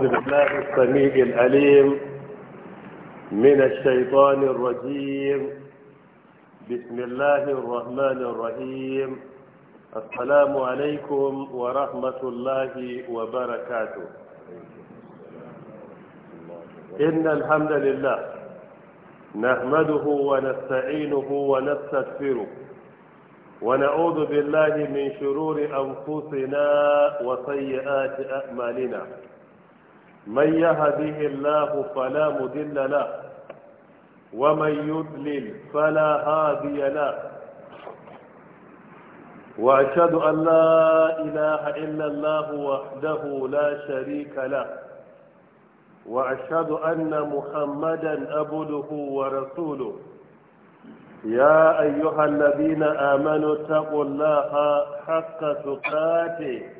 بالله السميع العليم من الشيطان الرجيم بسم الله الرحمن الرحيم السلام عليكم ورحمة الله وبركاته إن الحمد لله نحمده ونستعينه ونستغفره ونعوذ بالله من شرور أنفسنا وسيئات أعمالنا من يهده الله فلا مضل له ومن يضلل فلا هادي له واشهد ان لا اله الا الله وحده لا شريك له واشهد ان محمدا عبده ورسوله يا ايها الذين امنوا اتقوا الله حق تقاته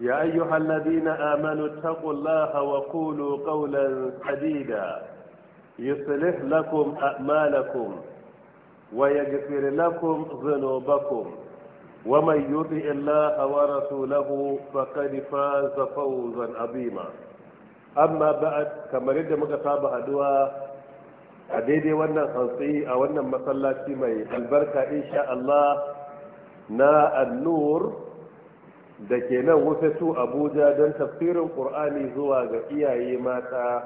يا أيها الذين آمنوا اتقوا الله وقولوا قولا سديدا يصلح لكم أعمالكم ويغفر لكم ذنوبكم ومن يطع الله ورسوله فقد فاز فوزا عظيما أما بعد كما رد مكتاب أدوى أديدي وانا خلصي أو وانا مسلاتي مي البركة إن شاء الله نا النور da ke nan wufatu abuja don tafsirin ƙur'ani zuwa ga iyaye mata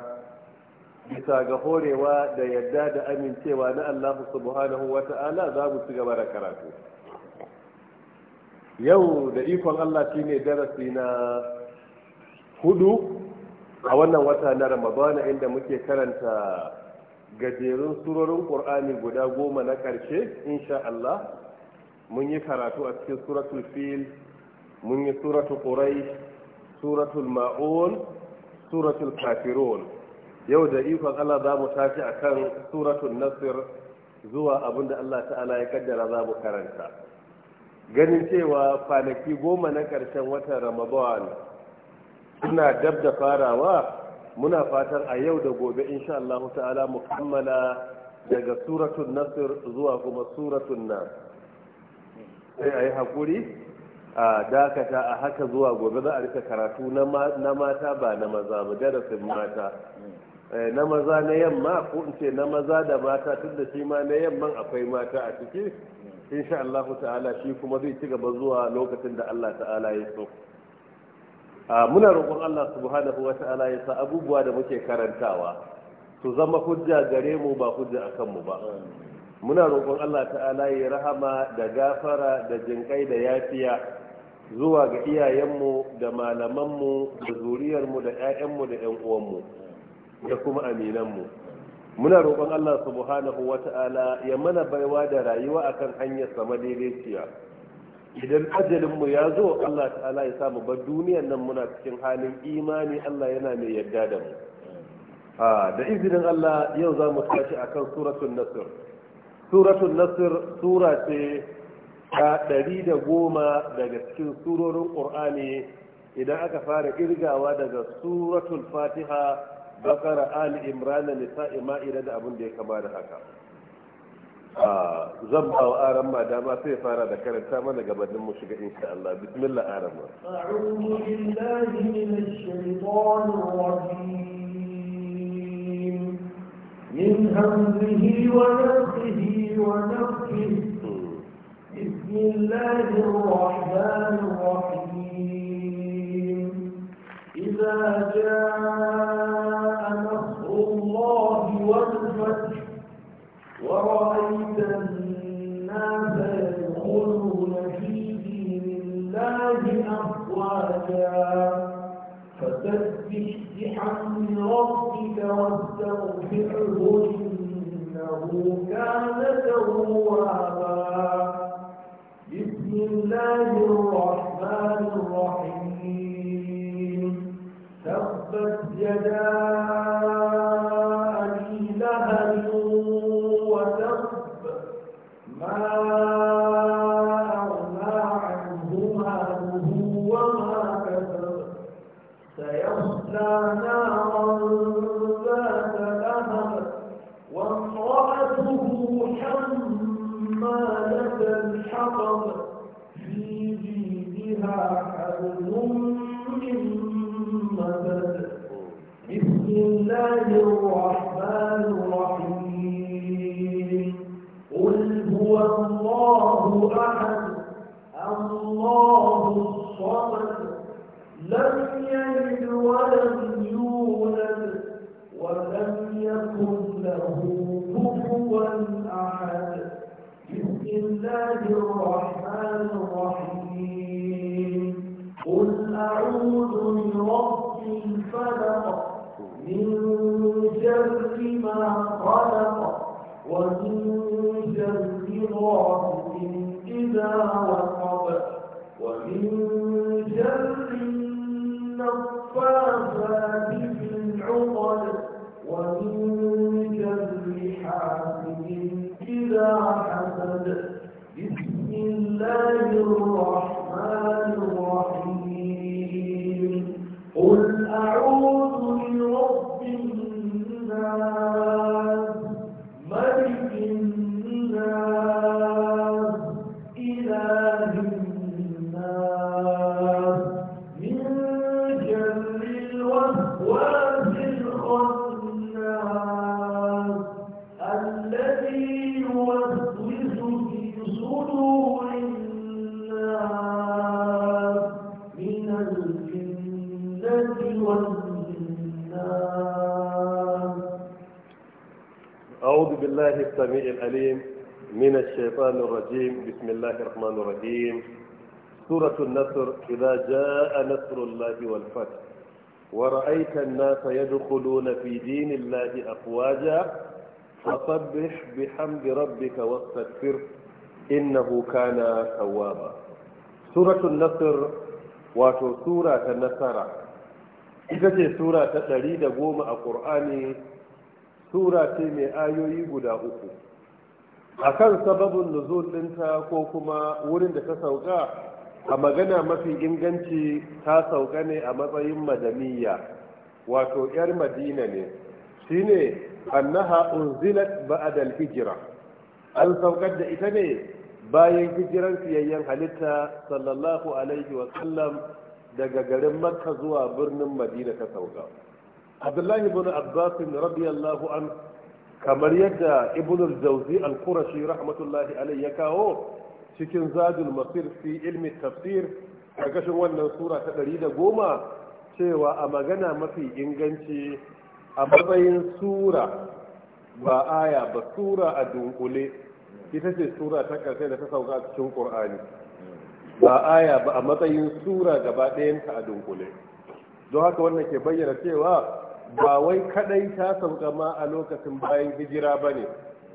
bisa ga horewa da yadda da amincewa na allah subhanahu wa ta'ala za mu ci gaba da karatu yau da ikon allah ne darasi na hudu a wannan wata na ramadana inda muke karanta gajerun surorin ƙur'ani guda goma na ƙarshe insha allah mun yi karatu a cikin suratul fil mun yi suratu ƙurai suratul ma'un suratul kafirun yau da ikon Allah za mu tashi a kan suratul nasir zuwa abin Allah ta'ala ya kaddara za mu karanta ganin cewa kwanaki goma na ƙarshen watan ramadan suna dab da farawa muna fatan a yau da gobe insha Allah ta'ala mu kammala daga suratul nasir zuwa kuma suratul nas sai a yi haƙuri a dakata a haka zuwa gobe za a rika karatu na mata ba na maza ba darasin mata eh, na maza na yamma ko in ce na maza da mata tun da shi ma na yamman akwai mata a ciki insha Allah ta'ala shi kuma zai ci gaba zuwa lokacin da Allah ta'ala ya so muna roƙon Allah subhanahu wa ta'ala ya sa abubuwa da muke karantawa su zama hujja gare mu ba hujja a mu ba muna roƙon Allah ta'ala ya rahama da gafara da jinƙai da yafiya zuwa ga iyayenmu da malamanmu da zuriyarmu da 'ya'yanmu da 'yan uwanmu da kuma aminanmu muna roƙon Allah subhanahu wata'ala ya mana baiwa da rayuwa akan hanyar sama daidaiciya idan ajalinmu ya zo Allah ta'ala ya samu bar duniyar nan muna cikin halin imani Allah yana mai yarda da mu da izinin Allah yau za mu tashi akan suratul nasr suratul nasr sura ce ta ɗari da goma daga cikin surorin ƙur'ani idan aka fara irgawa daga suratul fatiha bakara ali imran da nisa'i ma'ida da abin da ya kama da haka zan ba wa aran ma dama sai fara da karanta mana gabanin mu shiga insha Allah bismillah aran ma a'udhu billahi minash shaitanir rajim min hamzihi wa nafsihi wa nafsihi بسم الله الرحمن الرحيم إذا جاء نصر الله والفتح ورأيت الناس يدخلون في دين الله أفواجا ربك واستغفره إنه كان توابا الله الرحمن الرحيم تبت يداك الأليم من الشيطان الرجيم بسم الله الرحمن الرحيم سورة النصر إذا جاء نصر الله والفتح ورأيت الناس يدخلون في دين الله أفواجا فصبح بحمد ربك واستغفر إنه كان توابا سورة النصر wato sura ta nasara ita ce sura ta ɗari da goma a ƙur'ani akan sababin nuzul ɗinta ko kuma wurin da ta sauka a magana mafi inganci ta sauka ne a matsayin madaniya wato 'yar madina ne shine annaha unzilat ba'dal hijira an saukar da ita ne bayan hijiran siyayyen halitta sallallahu alaihi wa daga garin makka zuwa birnin madina ta sauka abdullahi ibn abbas radiyallahu anhu kamar yadda ibnul jauzi al-qurashi rahmatullahi alayhi ya kawo cikin zadul masir fi ilmi tafsir karkashin wannan sura ta ɗari da goma. cewa a magana mafi inganci a matsayin sura ba aya ba sura a dunkule ita ce sura ta karshe da ta sauka a cikin qur'ani ba aya ba a matsayin sura gaba ɗayanta a dunkule don haka wannan ke bayyana cewa ba wai kadai ta sauka a lokacin bayan hijira ba ne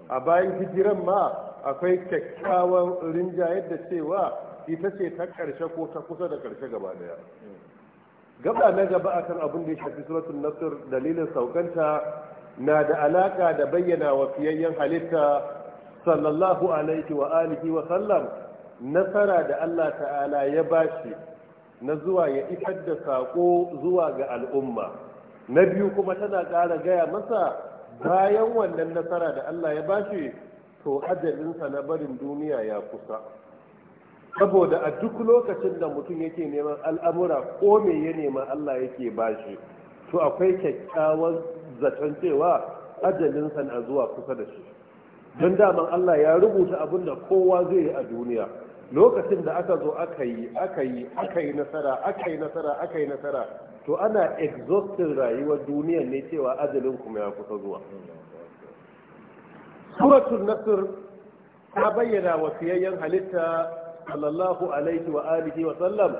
a bayan hijiran ma akwai kyakkyawan rinjayar da cewa ita ce ta ƙarshe ko ta kusa da ƙarshe gaba daya gaba na gaba a kan abin da ya shafi suratun nasir dalilin saukanta na da alaka da bayyana wa fiyayyen halitta sallallahu alaihi wa alihi wa sallam nasara da Allah ta'ala ya bashi na zuwa ya isar da saƙo zuwa ga al'umma na biyu kuma tana ƙara gaya masa bayan wannan nasara da Allah ya bashi to ajalinsa na barin duniya ya kusa saboda a duk lokacin da mutum yake neman al'amura ko me ya nema Allah yake bashi to akwai kyakkyawan zaton cewa ajalinsa na zuwa kusa da shi don daman Allah ya rubuta abin da kowa zai yi a duniya lokacin da aka zo aka yi aka yi aka yi nasara aka yi nasara aka yi nasara to ana exhausting rayuwar duniya ne cewa ajalin kuma ya kusa zuwa suratul nasr ta bayyana wa fiyayyen halitta sallallahu alaihi wa alihi wa sallam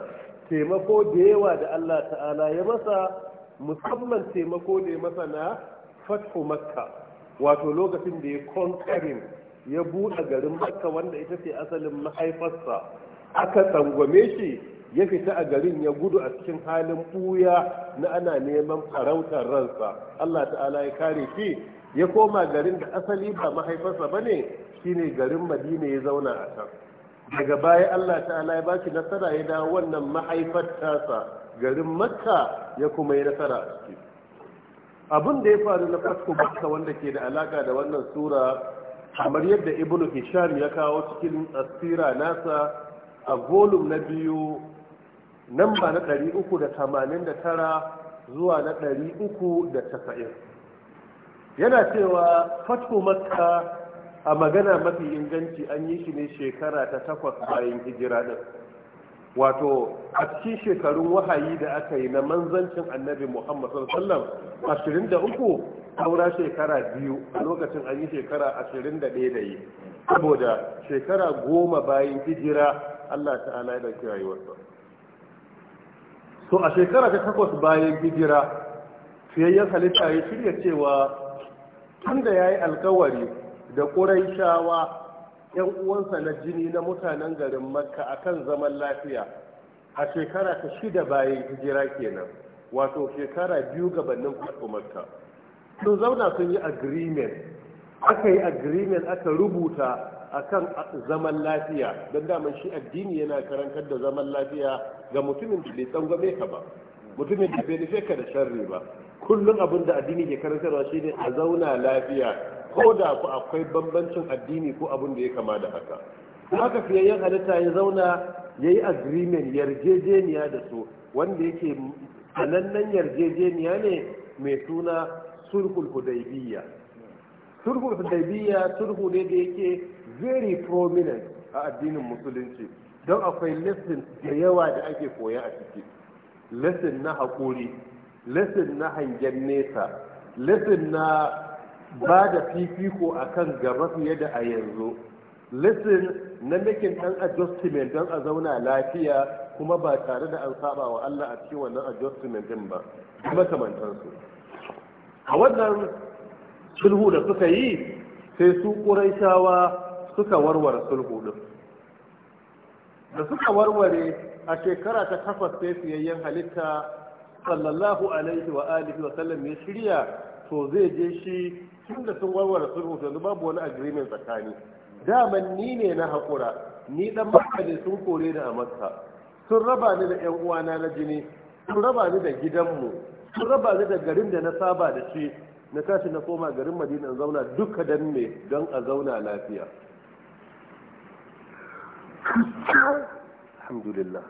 taimako da yawa da Allah ta'ala ya masa musamman taimako da ya masa na fathu makka wato lokacin da ya conquering ya buɗe garin makka wanda ita ce asalin mahaifarsa aka tsangwame shi ya fita a garin ya gudu a cikin halin buya na ana neman farautar ransa allah ta'ala ya kare shi ya koma garin da asali ba mahaifarsa ba ne shine garin madina ya zauna a can daga baya allah ta'ala ya baki nasara ya dawo wannan mahaifar garin makka ya kuma yi nasara a ciki abin da ya faru na fasko makka wanda ke da alaka da wannan sura kamar yadda ibnu hisham ya kawo cikin asira nasa a volum na biyu namba na 389 zuwa na 390 yana cewa fatko makka a magana mafi inganci an yi shi ne shekara ta takwas bayan hijira ɗin. wato a cikin shekarun wahayi da aka yi na manzancin annabi muhammad sallallahu ashirin da uku saura shekara biyu a lokacin an yi shekara ashirin da ɗaya da yi saboda shekara goma bayan hijira allah ta'ala ya ɗauki rayuwarsa so a shekara ta takwas bayan hijira fiyayyen halitta ya shirya cewa tun da ya yi alkawari da shawa. 'yan uwansa na jini na mutanen garin makka akan zaman lafiya a shekara ta shida bayan hijira kenan wato shekara biyu gabanin faɗo makka sun zauna sun yi agreement aka yi agreement aka rubuta akan zaman lafiya don daman shi addini yana karantar da zaman lafiya ga mutumin da bai tsangwame ka ba mutumin da bai nufe ka da sharri ba kullum abin da addini ke karantarwa shine a zauna lafiya ko da ku akwai bambancin addini ko abin da ya kama da haka haka yin halitta ya zauna ya yi agreement yarjejeniya da su wanda yake sanannen yarjejeniya ne mai suna sulhul hudaybiyya sulhul hudaybiyya sulhu ne da yake very prominent a addinin musulunci don akwai lesson da yawa da ake koya a ciki lesson na haƙuri lesson na hangen nesa lesson na ba da fifiko a kan gaba fiye da a yanzu listen na making ɗan adjustment don a zauna lafiya kuma ba tare da an saba wa Allah a cikin wannan adjustment din ba kamantansu. a wannan sulhu da suka yi sai su ƙuraishawa suka warware sulhu din da suka warware a shekara ta kafa sai siyayyen halitta sallallahu alaihi wa alihi wa sallam ya shirya to zai je shi tun da sun warware sulhu yanzu babu wani agreement tsakani daman ni ne na haƙura ni dan makka sun kore ni a makka sun raba ni da yan uwana na jini sun raba ni da gidanmu sun raba ni da garin da na saba da shi na tashi na koma garin madina zauna duka dan me don a zauna lafiya alhamdulillah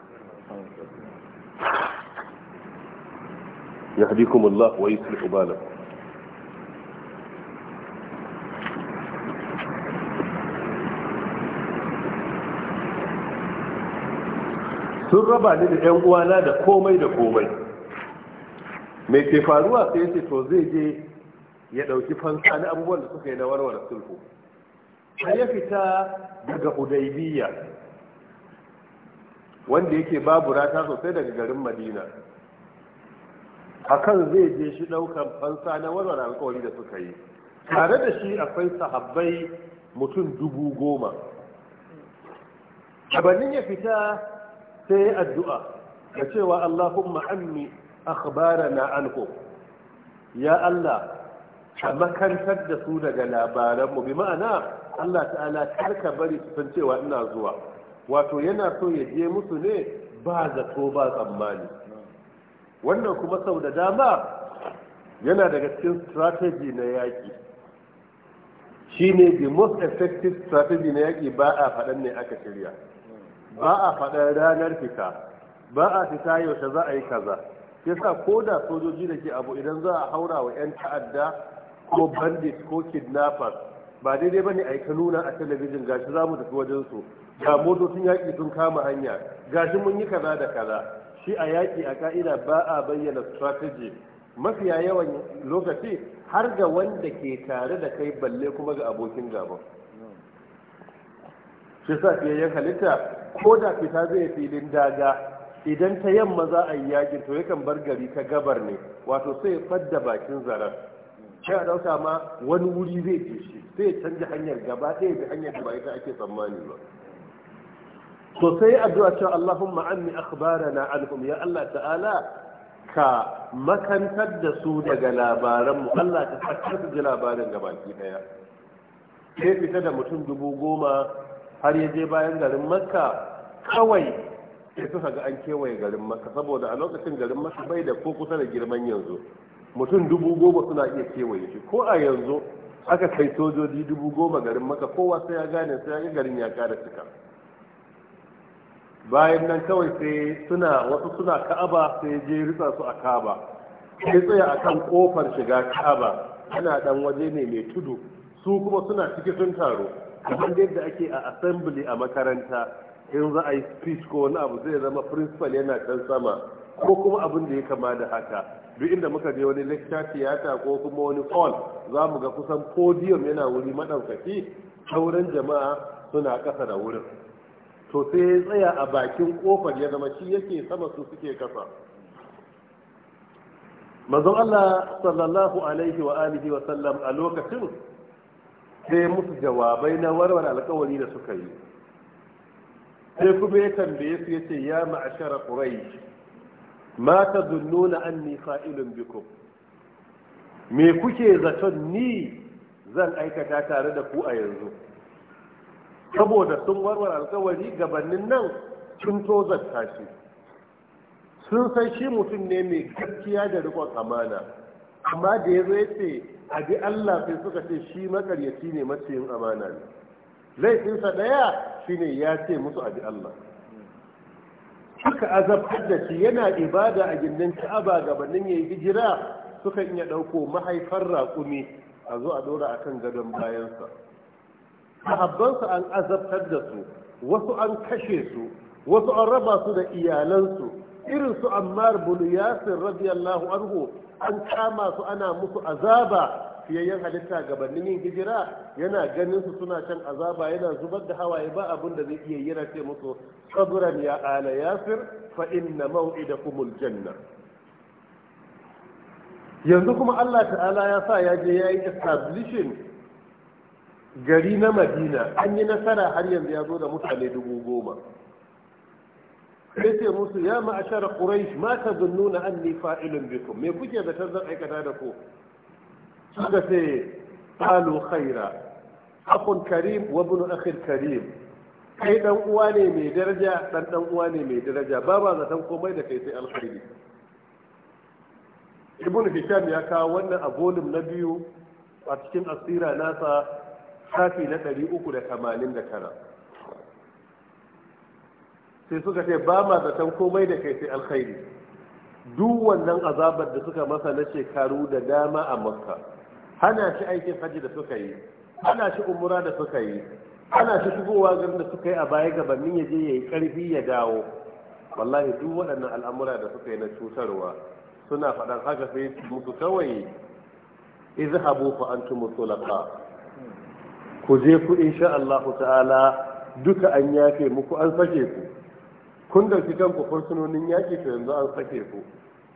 يهديكم الله ويصلح بالكم sun raba ni da yan uwana da komai da komai mai ke faruwa sai yake to zai je ya ɗauki fansa na abubuwan da suka yi na warware sulhu har ya fita daga hudaybiya wanda yake babu rata sosai daga garin madina hakan zai je shi ɗaukan fansa na warware alkawari da suka yi tare da shi akwai sahabbai mutum dubu goma abannin ya fita sai ya addu'a da cewa Allahumma ammi akhbarana anhu ya Allah ka makantar da su daga labaranmu bi ma'ana Allah ta'ala karka bari su san cewa ina zuwa wato yana so ya je musu ne ba zato ba tsammani wannan kuma sau da dama yana daga cikin strategy na yaƙi shine the most effective strategy na yaƙi ba a faɗan ne aka shirya ba a faɗa ranar fita ba a fita yaushe za a yi kaza sa ko da sojoji da ke abu idan za a haura wa 'yan ta'adda ko bandit ko kidnappers ba daidai ba ne a yi ta nuna a talabijin gashi za mu tafi wajen su ga motocin yaƙi sun kama hanya gashi mun yi kaza da kaza shi a yaƙi a ka'ida ba a bayyana strategy mafiya yawan lokaci har ga wanda ke tare da kai balle kuma ga abokin gaba shi sa fiye halitta ko da fita zai filin daga idan ta yamma za a yi yakin to yakan bar gari ta gabar ne wato sai ya fadda bakin zarar sai a ɗauka ma wani wuri zai ce shi sai canja hanyar gaba ɗaya da hanyar da ba ita ake tsammani ba to sai addu'a cewa Allahumma anni akhbarana anhum ya Allah ta'ala ka makantar da su daga labaran mu Allah ta ji da labarin gabaki daya sai fita da mutum dubu goma har ya je bayan garin makka kawai ya suka ga an kewaye garin makka saboda a lokacin garin makka bai da ko kusa da girman yanzu mutum dubu goma suna iya kewaye shi ko a yanzu aka kai sojoji dubu goma garin maka kowa sai ya gane sai ya garin ya kara cika bayan nan kawai sai suna wasu suna ka'aba sai je ritsa su a kaba, sai tsaya a kan kofar shiga ka'aba ana dan waje ne mai tudu su kuma suna cikin sun taro kamar yadda ake a assembly a makaranta in za a yi speech ko wani abu zai zama principal yana can sama ko kuma abin da ya kama da haka duk inda muka je wani lecture theater ko kuma wani hall za mu ga kusan podium yana wuri maɗaukaki sauran jama'a suna ƙasa da wurin to sai ya tsaya a bakin kofar ya zama shi yake sama su suke kasa mazan Allah sallallahu alaihi wa alihi wa sallam a lokacin sai musu jawabai na warware alkawari da suka yi sai kuma ya tambaye su yace ya ma'ashara quraish ma an anni fa'ilun bikum me kuke zaton ni zan aikata tare da ku a yanzu saboda sun warware alkawari gabanin nan sun tozarta shi sun san shi mutum ne mai gaskiya da rikon amana amma da ya zo ce a bi Allah sai suka ce shi makaryaci ne maciyin amana ne laifinsa ɗaya shine ya ce musu a bi Allah suka azabtar da shi yana ibada a gindin ka'aba gabanin yayi hijira suka iya ɗauko mahaifar raƙumi a zo a ɗora akan gadon bayansa habbansa an azabtar da su wasu an kashe su wasu an raba su da iyalansu irin su ammar bulu yasir radiyallahu anhu an kama su ana musu azaba fiyayyen halitta gabanin yin hijira yana ganin su suna can azaba yana zubar da hawaye ba abin da zai iya yira ce musu tsaburan ya ala yasir fa inna kumul janna yanzu kuma Allah ta'ala ya sa ya je ya yi establishing gari na Madina an yi nasara har yanzu ya zo da mutane dubu goma sai ce musu ya ma'ashar mata ma nuna anni fa'ilun bikum me kuke da zan aikata da ku suka ce qalu khaira akhun karim wa ibn karim kai dan uwa ne mai daraja dan dan uwa ne mai daraja ba ba zaton komai da kai sai alkhairi ibn hisham ya kawo wannan a volume na biyu a cikin asira nasa kafi na 389 sai suka ce ba ma zaton komai da kai sai alkhairi duk wannan azabar da suka masa na shekaru da dama a makka hana shi aikin hajji da suka yi hana shi umura da suka yi hana shi shigowa garin da suka yi a baya gabanin ya je ya yi karfi ya dawo wallahi duk waɗannan al'amura da suka yi na cutarwa suna faɗan haka sai mutu kawai izhabu fa antum tulaqa ku je ku insha Allah ta'ala duka an yafe muku an sake ku kun dauki ku fursunonin yaƙi to yanzu an sake ku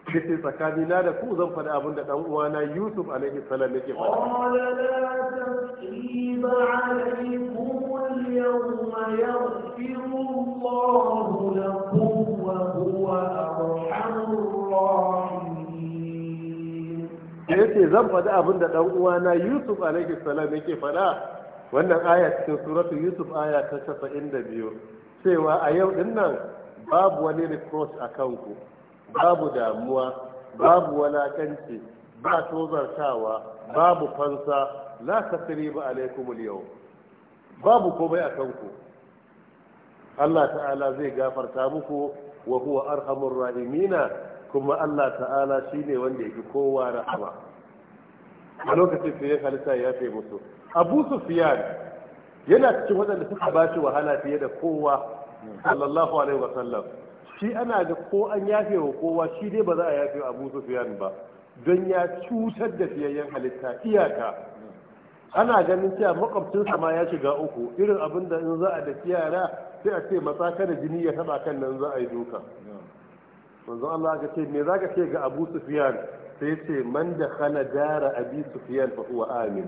kace tsakani na da ku zan faɗi abin da dan uwana Yusuf alaihi salam yake faɗa qala la tasriba alaykum al-yawma yaghfiru Allahu lakum wa huwa arhamur rahimin yace zan faɗi abin da dan na Yusuf alaihi salam yake faɗa wannan aya cikin suratul Yusuf aya ta 72 cewa a yau din nan babu wani reproach a kanku babu damuwa babu walakanci ba tozartawa babu fansa la ba alaikumul yau babu komai a kanku Allah ta'ala zai gafarta muku wa huwa arhamur rahimina kuma Allah ta'ala shine wanda yake kowa rahama a lokacin sai ya halitta ya fi musu Abu Sufyan yana cikin waɗanda suka bashi wahala fiye da kowa sallallahu alaihi wasallam shi ana da ko an yafe wa kowa shi dai ba za a yafe abu sufiyan ba don ya cutar da fiyayyen halitta iyaka ana ganin cewa makwabcinsa ma ya shiga uku irin abin da in za a da yara sai a ce matsa da jini ya taba kan nan za a yi doka. manzo Allah ka ce me za ka ce ga Abu Sufyan sai ce man da khala dara Abi Sufyan fa huwa amin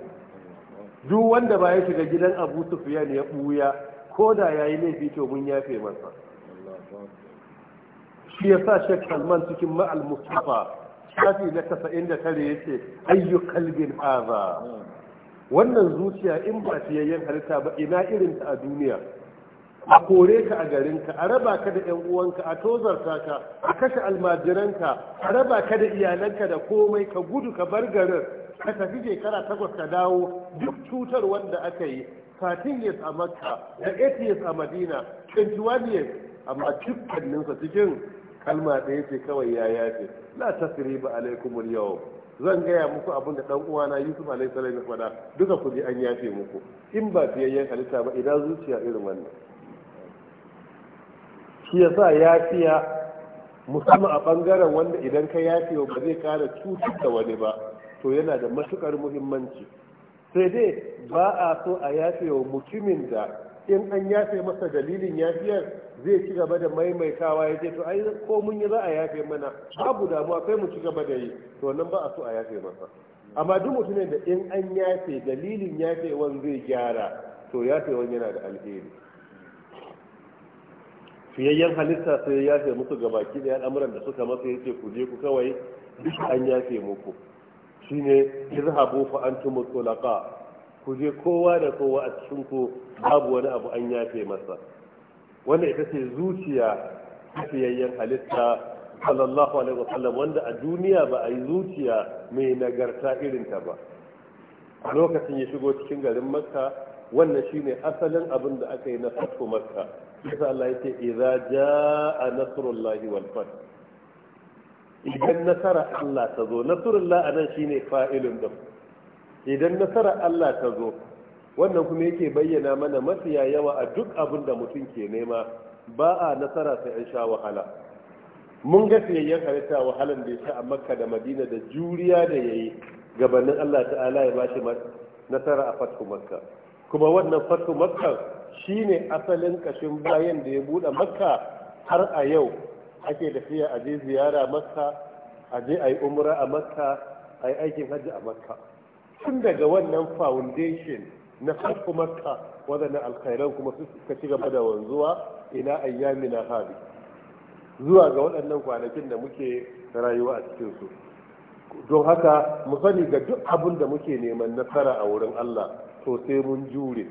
duk wanda ba ya shiga gidan Abu Sufyan ya buya ko da yayi laifi to mun yafe masa shi ya sa shek salman cikin ma'al mustafa shafi na tasa'in da tare ya ce ayyu kalbin haza wannan zuciya in ba yayyan halitta ba ina irin ta a duniya a kore ka a garin ka, a raba ka da yan uwanka a tozarta ka a kashe almajiranka a raba ka da iyalanka da komai ka gudu ka bar garin ka tafi shekara takwas ka dawo duk cutar wanda aka yi 13 years a makka da 8 years a madina 21 years amma dukkaninsa cikin kalma ɗaya ce kawai ya yafe la ba alaikumul yawm zan gaya muku abin da uwana yusuf alaihissalam ya faɗa duka ku ji an yafe muku in ba fiyayyen halitta ba idan zuciya irin wannan shi ya sa yafiya musamman a bangaren wanda idan ka yafe ba zai kara cutar da wani ba to yana da matuƙar muhimmanci sai dai ba a so a yafe wa mutumin da in an yafe masa dalilin yafiyar zai ci gaba da maimaitawa ya ce to ai ko mun yi za a yafe mana babu damuwa kai mu ci gaba da yi to nan ba a so a yafe masa amma duk mutumin da in an yafe dalilin yafe wan zai gyara to yafe wan yana da alheri fiyayyen halitta sai ya yafe musu gabaki da al'amuran da suka masa ya ku je ku kawai duk an yafe muku shine izhabu fa antum tulaqa ku je kowa da kowa a cikin ku babu wani abu an yafe masa wanda ita ce zuciya tafiyayyen halitta sallallahu alaihi wa sallam wanda a duniya ba a yi zuciya mai nagarta irin ta ba a lokacin ya shigo cikin garin makka wannan shine asalin abin da aka yi na fatu makka yasa Allah yake idza jaa nasrullahi wal fath idan nasara Allah ta zo nasrullah anan shine fa'ilun da idan nasara Allah ta zo wannan kuma yake bayyana mana mafiya yawa a duk abin da mutum ke nema ba a nasara sai an sha wahala mun ga siyayyen halitta wahalan da ya sha a makka da madina da juriya da ya yi gabanin allah ta'ala ya bashi nasara a fatu makka kuma wannan fatu makka shine asalin kashin bayan da ya buɗe makka har a yau ake tafiya a je ziyara makka a je a yi umra a makka a yi aikin hajji a makka tun daga wannan foundation na farko makka waɗannan alkhairan kuma suka ci gaba da wanzuwa ayyami na hadi zuwa ga waɗannan kwanakin da muke rayuwa a cikin su don haka mu sani ga duk abin da muke neman nasara a wurin Allah to sai mun jure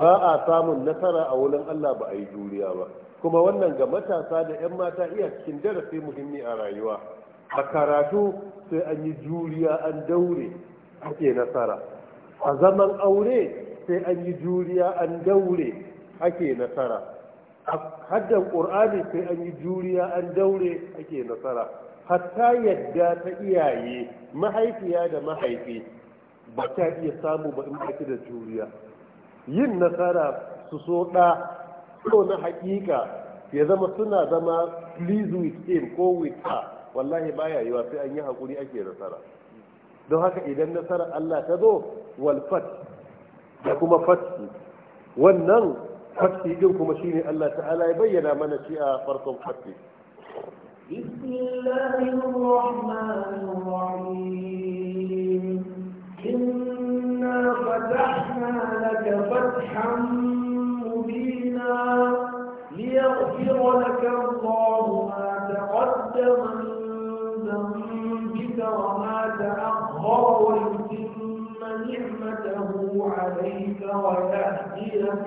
ba a samun nasara a wurin Allah ba a yi juriya ba kuma wannan ga matasa da 'yan mata iya cikin darasi muhimmi a rayuwa a karatu sai an yi juriya an daure ake nasara a zaman aure sai an yi juriya an daure ake nasara a haddan ƙur'ani sai an yi juriya an daure ake nasara hatta yadda ta iyaye mahaifiya da mahaifi ba ta iya samu ba in da juriya yin nasara su so ɗa so na hakika ya zama suna zama please with him ko with her wallahi baya yiwa sai an yi hakuri ake nasara don haka idan nasara Allah ta zo wal fat da kuma fatti wannan fatti din kuma shine Allah ta'ala ya bayyana mana shi a farkon fatti بسم الله الرحمن الرحيم إنا فتحنا لك فتحا لك الله ما تقدم من ذنبك وما تأخر ويتم نعمته عليك ويهديك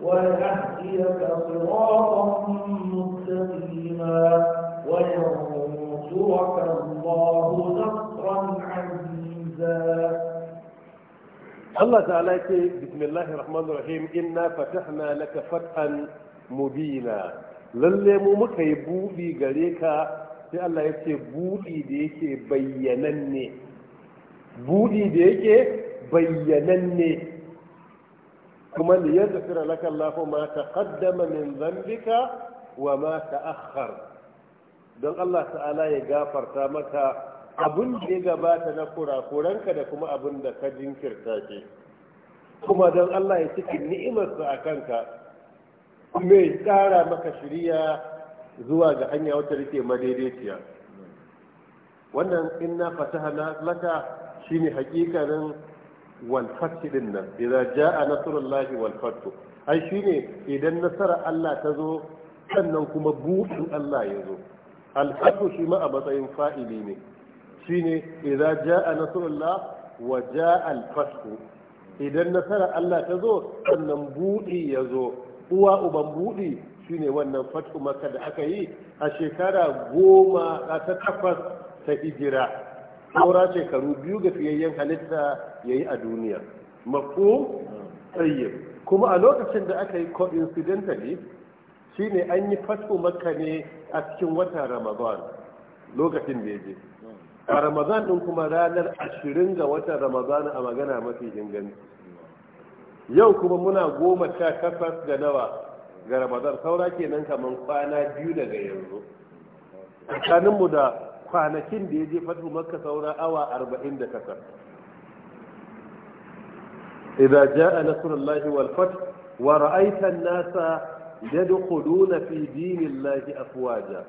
ويهديك صراطا مستقيما وينصرك الله نصرا عزيزا الله تعالى بسم الله الرحمن الرحيم إنا فتحنا لك فتحا مبينا lalle mu muka yi buɗi gare ka sai Allah ya ce buɗi da yake ne buɗi da yake ne kuma da ya zafira laka Allah ma kaddama min zambika wa ma ta akhar don Allah ta'ala ya gafarta maka abin da ya gabata na kurakuranka da kuma abin da ka jinkirta ke kuma don Allah ya ciki ni'imarsa a kanka kuma ya tsara maka shirya zuwa ga hanya wata rike madaidaiciya wannan inna fataha laka shine hakikanin wal fathi din nan idza jaa nasrullahi wal fathu ai shine idan nasara Allah ta zo sannan kuma buɗin Allah ya zo al fathu shi ma a matsayin fa'ili ne shine idza jaa nasrullah wa jaa al idan nasara Allah ta zo sannan buɗi ya zo uwa uban shi shine wannan fatu maka da aka yi a shekara goma ta takwas ta hijira saura shekaru biyu ga fiyayyen halitta ya yi a duniya mafu tsaye. kuma a lokacin da aka yi coincidentally shine an yi fatu maka ne a cikin wata ramadan lokacin da ya je a ramadan ɗin kuma ranar ashirin ga watan ramadan a magana mafi inganci yau kuma muna goma sha takwas ga nawa ga ramadan saura kenan kamar kwana biyu daga yanzu tsakaninmu da kwanakin da ya je fatu maka saura awa arba'in da takwas idza a nasrullahi wal fath wa ya an-nasa yadkhuluna fi dinillahi afwaja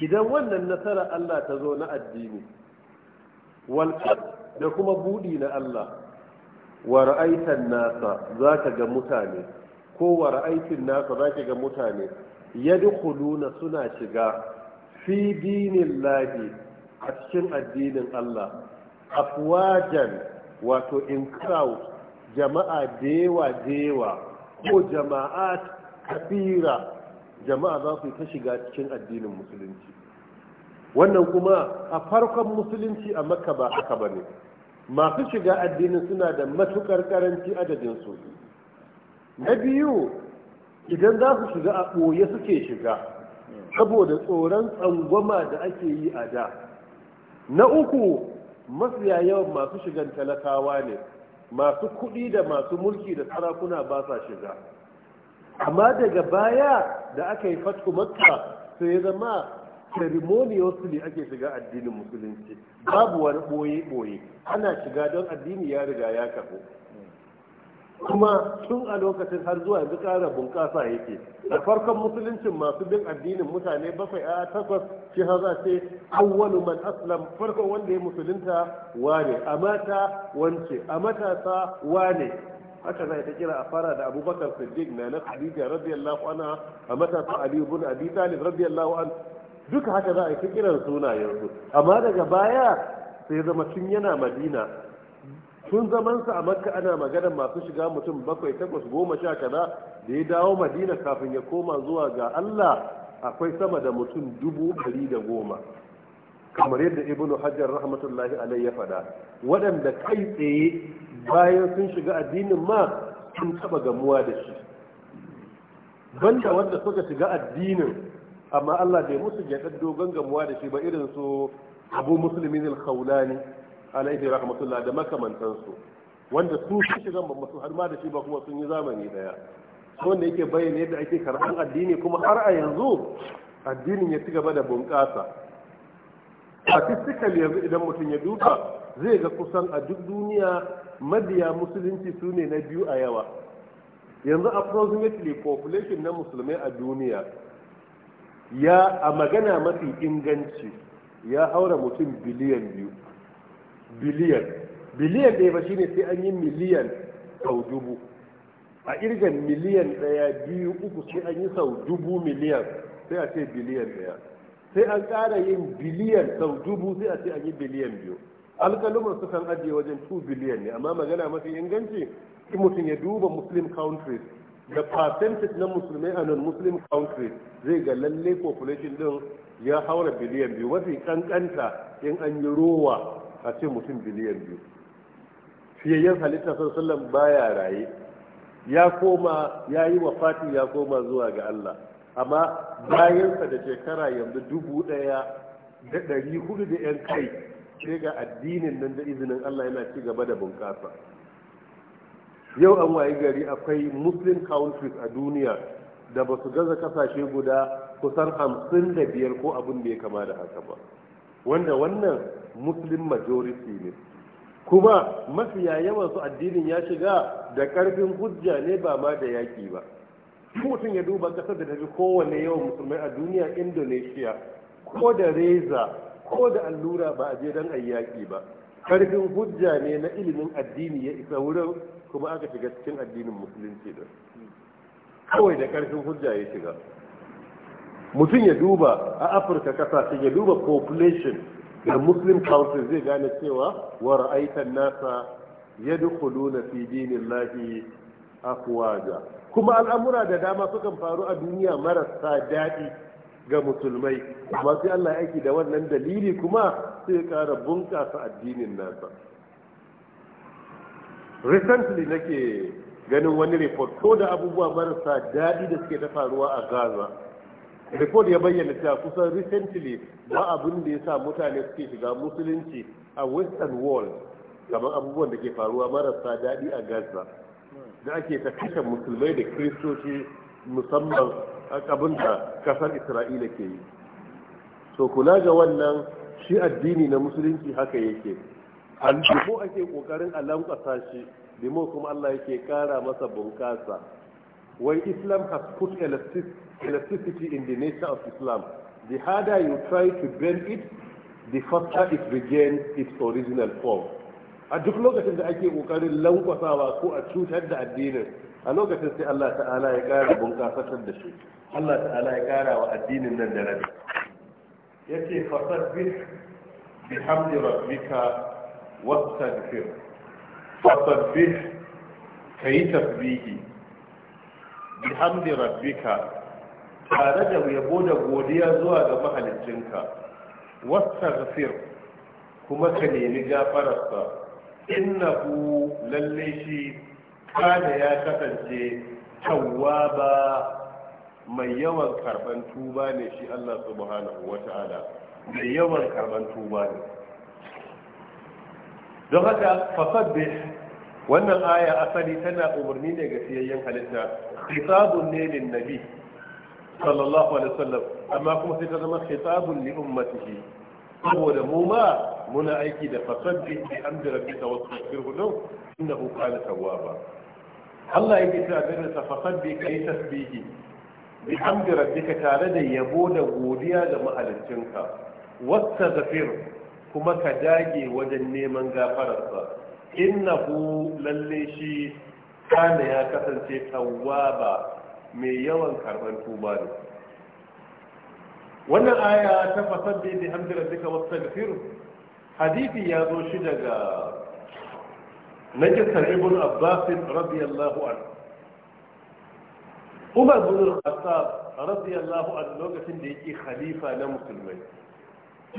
idan wannan nasarar Allah ta zo na addini wal da kuma budi na Allah wa ra'aitan nasa ka ga mutane ko wa ra'aitin nasa zaka ga mutane yadkhuluna suna shiga fi lahi a cikin addinin Allah afwajan wato in crowd jama'a dewa dewa ko jama'a kafira jama'a za su yi ta shiga cikin addinin musulunci wannan kuma a farkon musulunci a makka ba haka bane masu shiga addini suna da matukar karanci adadin su na biyu idan za su shiga a ɓoye suke shiga saboda tsoron tsangwama da ake yi a da na uku mafiya yawan masu shigan talakawa ne masu kuɗi da masu mulki da sarakuna ba sa shiga amma daga baya da aka yi fatu makka sai zama ceremoniously ake shiga addinin musulunci babu wani boye-boye ana shiga don addini ya riga ya kafu kuma tun a lokacin har zuwa yanzu ƙara bunƙasa yake da farkon musuluncin masu bin addinin mutane bakwai a takwas shi haza ce awwalu man aslam farkon wanda ya musulunta wane a mata wance a matasa wane haka zai ta kira a fara da abubakar siddiq na na khadija radiyallahu anha a matasa ali ibn abi talib radiyallahu anhu duka haka za a yi kiran sunayensu amma daga baya sai zama tun yana madina tun zamansa a makka ana magana masu shiga mutum bakwai takwas goma sha kaza da ya dawo madina kafin ya koma zuwa ga allah akwai sama da mutum dubu ɗari da goma kamar yadda ibnu hajjar rahmatullahi alai ya faɗa waɗanda kai tsaye bayan sun shiga addinin ma sun taɓa gamuwa da shi banda wanda suka shiga addinin amma Allah bai musu gyaɗar dogon gamuwa da shi ba irin su abu musulmin al-khawlani alaihi rahmatullah da makamantansu wanda su su shiga ba musu har ma da shi ba kuma sun yi zamani daya wanda yake bayyana yadda ake karɓar addini kuma har a yanzu addinin ya ci gaba da bunƙasa statistical yanzu idan mutum ya duba zai ga kusan a duk duniya mabiya musulunci su ne na biyu a yawa yanzu approximately population na musulmai a duniya ya a magana mafi inganci ya haura mutum biliyan biyu biliyan biliyan ɗaya ba shine sai an yi miliyan sau dubu a irgan miliyan ɗaya biyu uku sai an yi sau dubu miliyan sai a ce biliyan ɗaya sai an ƙara yin biliyan sau dubu sai a ce an yi biliyan biyu alƙalumar su kan ajiye wajen 2 biliyan ne amma magana mafi inganci in mutum ya duba muslim countries da percentage na musulmai a non-muslim country zai ga lalle population din ya haura biliyan biyu wasu kankanta in an yi rowa a ce mutum biliyan biyu yin halitta sallallahu baya raye ya koma ya yi wafati ya koma zuwa ga Allah amma bayansa da shekara yanzu dubu ɗaya da ɗari hudu da yan kai sai ga addinin nan da izinin Allah yana ci gaba da bunƙasa yau an wayi gari akwai muslim countries a duniya da ba su gaza kasashe guda kusan hamsin da biyar ko abin da ya kama da haka ba wanda wannan muslim majority ne kuma mafiya yawan su addinin ya shiga da karfin hujja ne ba ma da yaƙi ba mutum ya duba kasar da tafi kowane yawan musulmai a duniya indonesia ko da reza ko da allura ba a je don a yaki ba karfin hujja ne na ilimin addini ya isa wurin kuma aka shiga cikin addinin musulunci da kawai da karfin hujja ya shiga mutum ya duba a afirka kasashe ya duba population da muslim council zai gane cewa wa ra'aitan nasa nuna fi dinin dinillahi afwaja kuma al'amura da dama sukan faru a duniya marasa daɗi ga musulmai Masu sai Allah aiki da wannan dalili kuma sai ya ƙara bunƙasa addinin nasa recently nake ganin wani report ko da abubuwa marasa daɗi da suke ta faruwa a gaza report ya bayyana cewa kusan recently ba abin da ya sa mutane suke shiga musulunci a western world kamar abubuwan da ke faruwa marasa daɗi a gaza da ake ta kashe musulmai da kiristoci musamman abin da kasar isra'ila ke yi so kula ga wannan shi addini na musulunci haka yake aljumu ake kokarin a lankasa shi limo kuma Allah yake kara masa bunkasa wai islam has put elasticity in the nature of islam the harder you try to bend it the faster it regains its original form a duk lokacin da ake kokarin lankwasawa ko a cutar da addinin a lokacin sai Allah ta'ala ya kara bunkasatar da shi Allah ta'ala ya kara wa addinin nan da rabi yace bi bihamdi rabbika واستغفر فسبح كي تسبيه بحمد ربك tare da yabo da godiya zuwa ga mahalicinka wastaghfir kuma ka nemi gafararsa innahu lalle shi kada ya kasance tawwaba mai yawan karban tuba ne shi Allah subhanahu wata'ala mai yawan karban tuba ne don haka fasabbih wannan aya asali tana umarni ne ga siyayyen halitta khitabun ne lin nabi sallallahu alaihi wasallam amma kuma sai ta zama khitabun li ummatihi saboda mu ma muna aiki da fasabbih bi amri rabbika wastaghfirhu lahu innahu kana tawwaba Allah yake ta gare sa fasabbih kai tasbihi bi amri rabbika tare da yabo da godiya ga mahaliccinka wastaghfirhu kuma ka dage wajen neman gafararsa innahu lalle shi kana ya kasance tawwaba mai yawan karban tuba ne wannan aya ta fasar da yadda hamdu rabbika wastaghfir Hadithi ya zo shi daga najisar ibn abbas radiyallahu anhu umar bin al-khattab radiyallahu anhu lokacin da yake khalifa na musulmai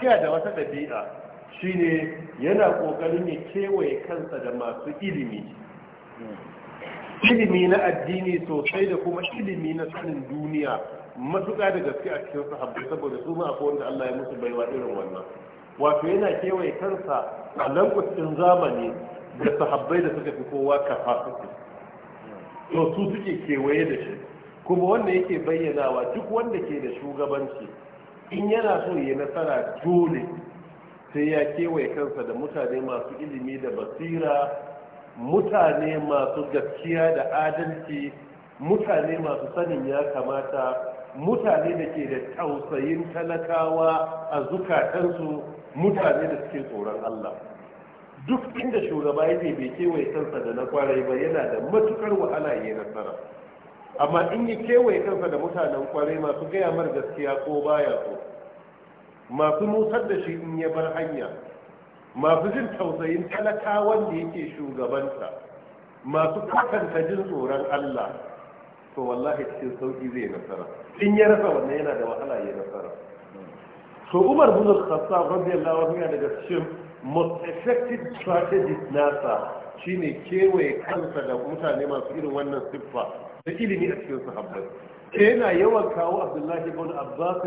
yana da wata dabi'a shine yana kokarin ya kewaye kansa da masu ilimi ilimi na addini sosai da kuma ilimi na sanin duniya matuƙa da gaske a cikin sahabbai saboda su ma akwai wanda Allah ya musu baiwa irin wannan wato yana kewaye kansa a lankwacin zamani da sahabbai da suka fi kowa kafafiki to su suke kewaye da shi kuma wanda yake bayyanawa duk wanda ke da shugabanci in yana so ya nasara dole sai ya kewaye kansa da mutane masu ilimi da basira mutane masu gaskiya da adalci mutane masu sanin ya kamata mutane da ke da tausayin talakawa a zukatansu mutane da suke tsoron Allah duk inda shugaba yake bai kewaye kansa da na kwarai ba yana da matukar wahala ya nasara amma in yi kewaye kansa da mutanen kwarai masu gaya mar gaskiya ko baya so masu musar da shi in ya bar hanya masu jin tausayin talakawan da yake shugabanta masu kwatanta jin tsoron Allah to wallahi cikin sauki zai nasara in ya rasa wannan yana da wahala ya nasara to Umar bin Al-Khattab radiyallahu anhu yana daga cikin most effective strategy nasa shine kewaye kansa da mutane masu irin wannan siffa da ilimi a cikin sahabbai yana yawan kawo abdullahi ibn abbas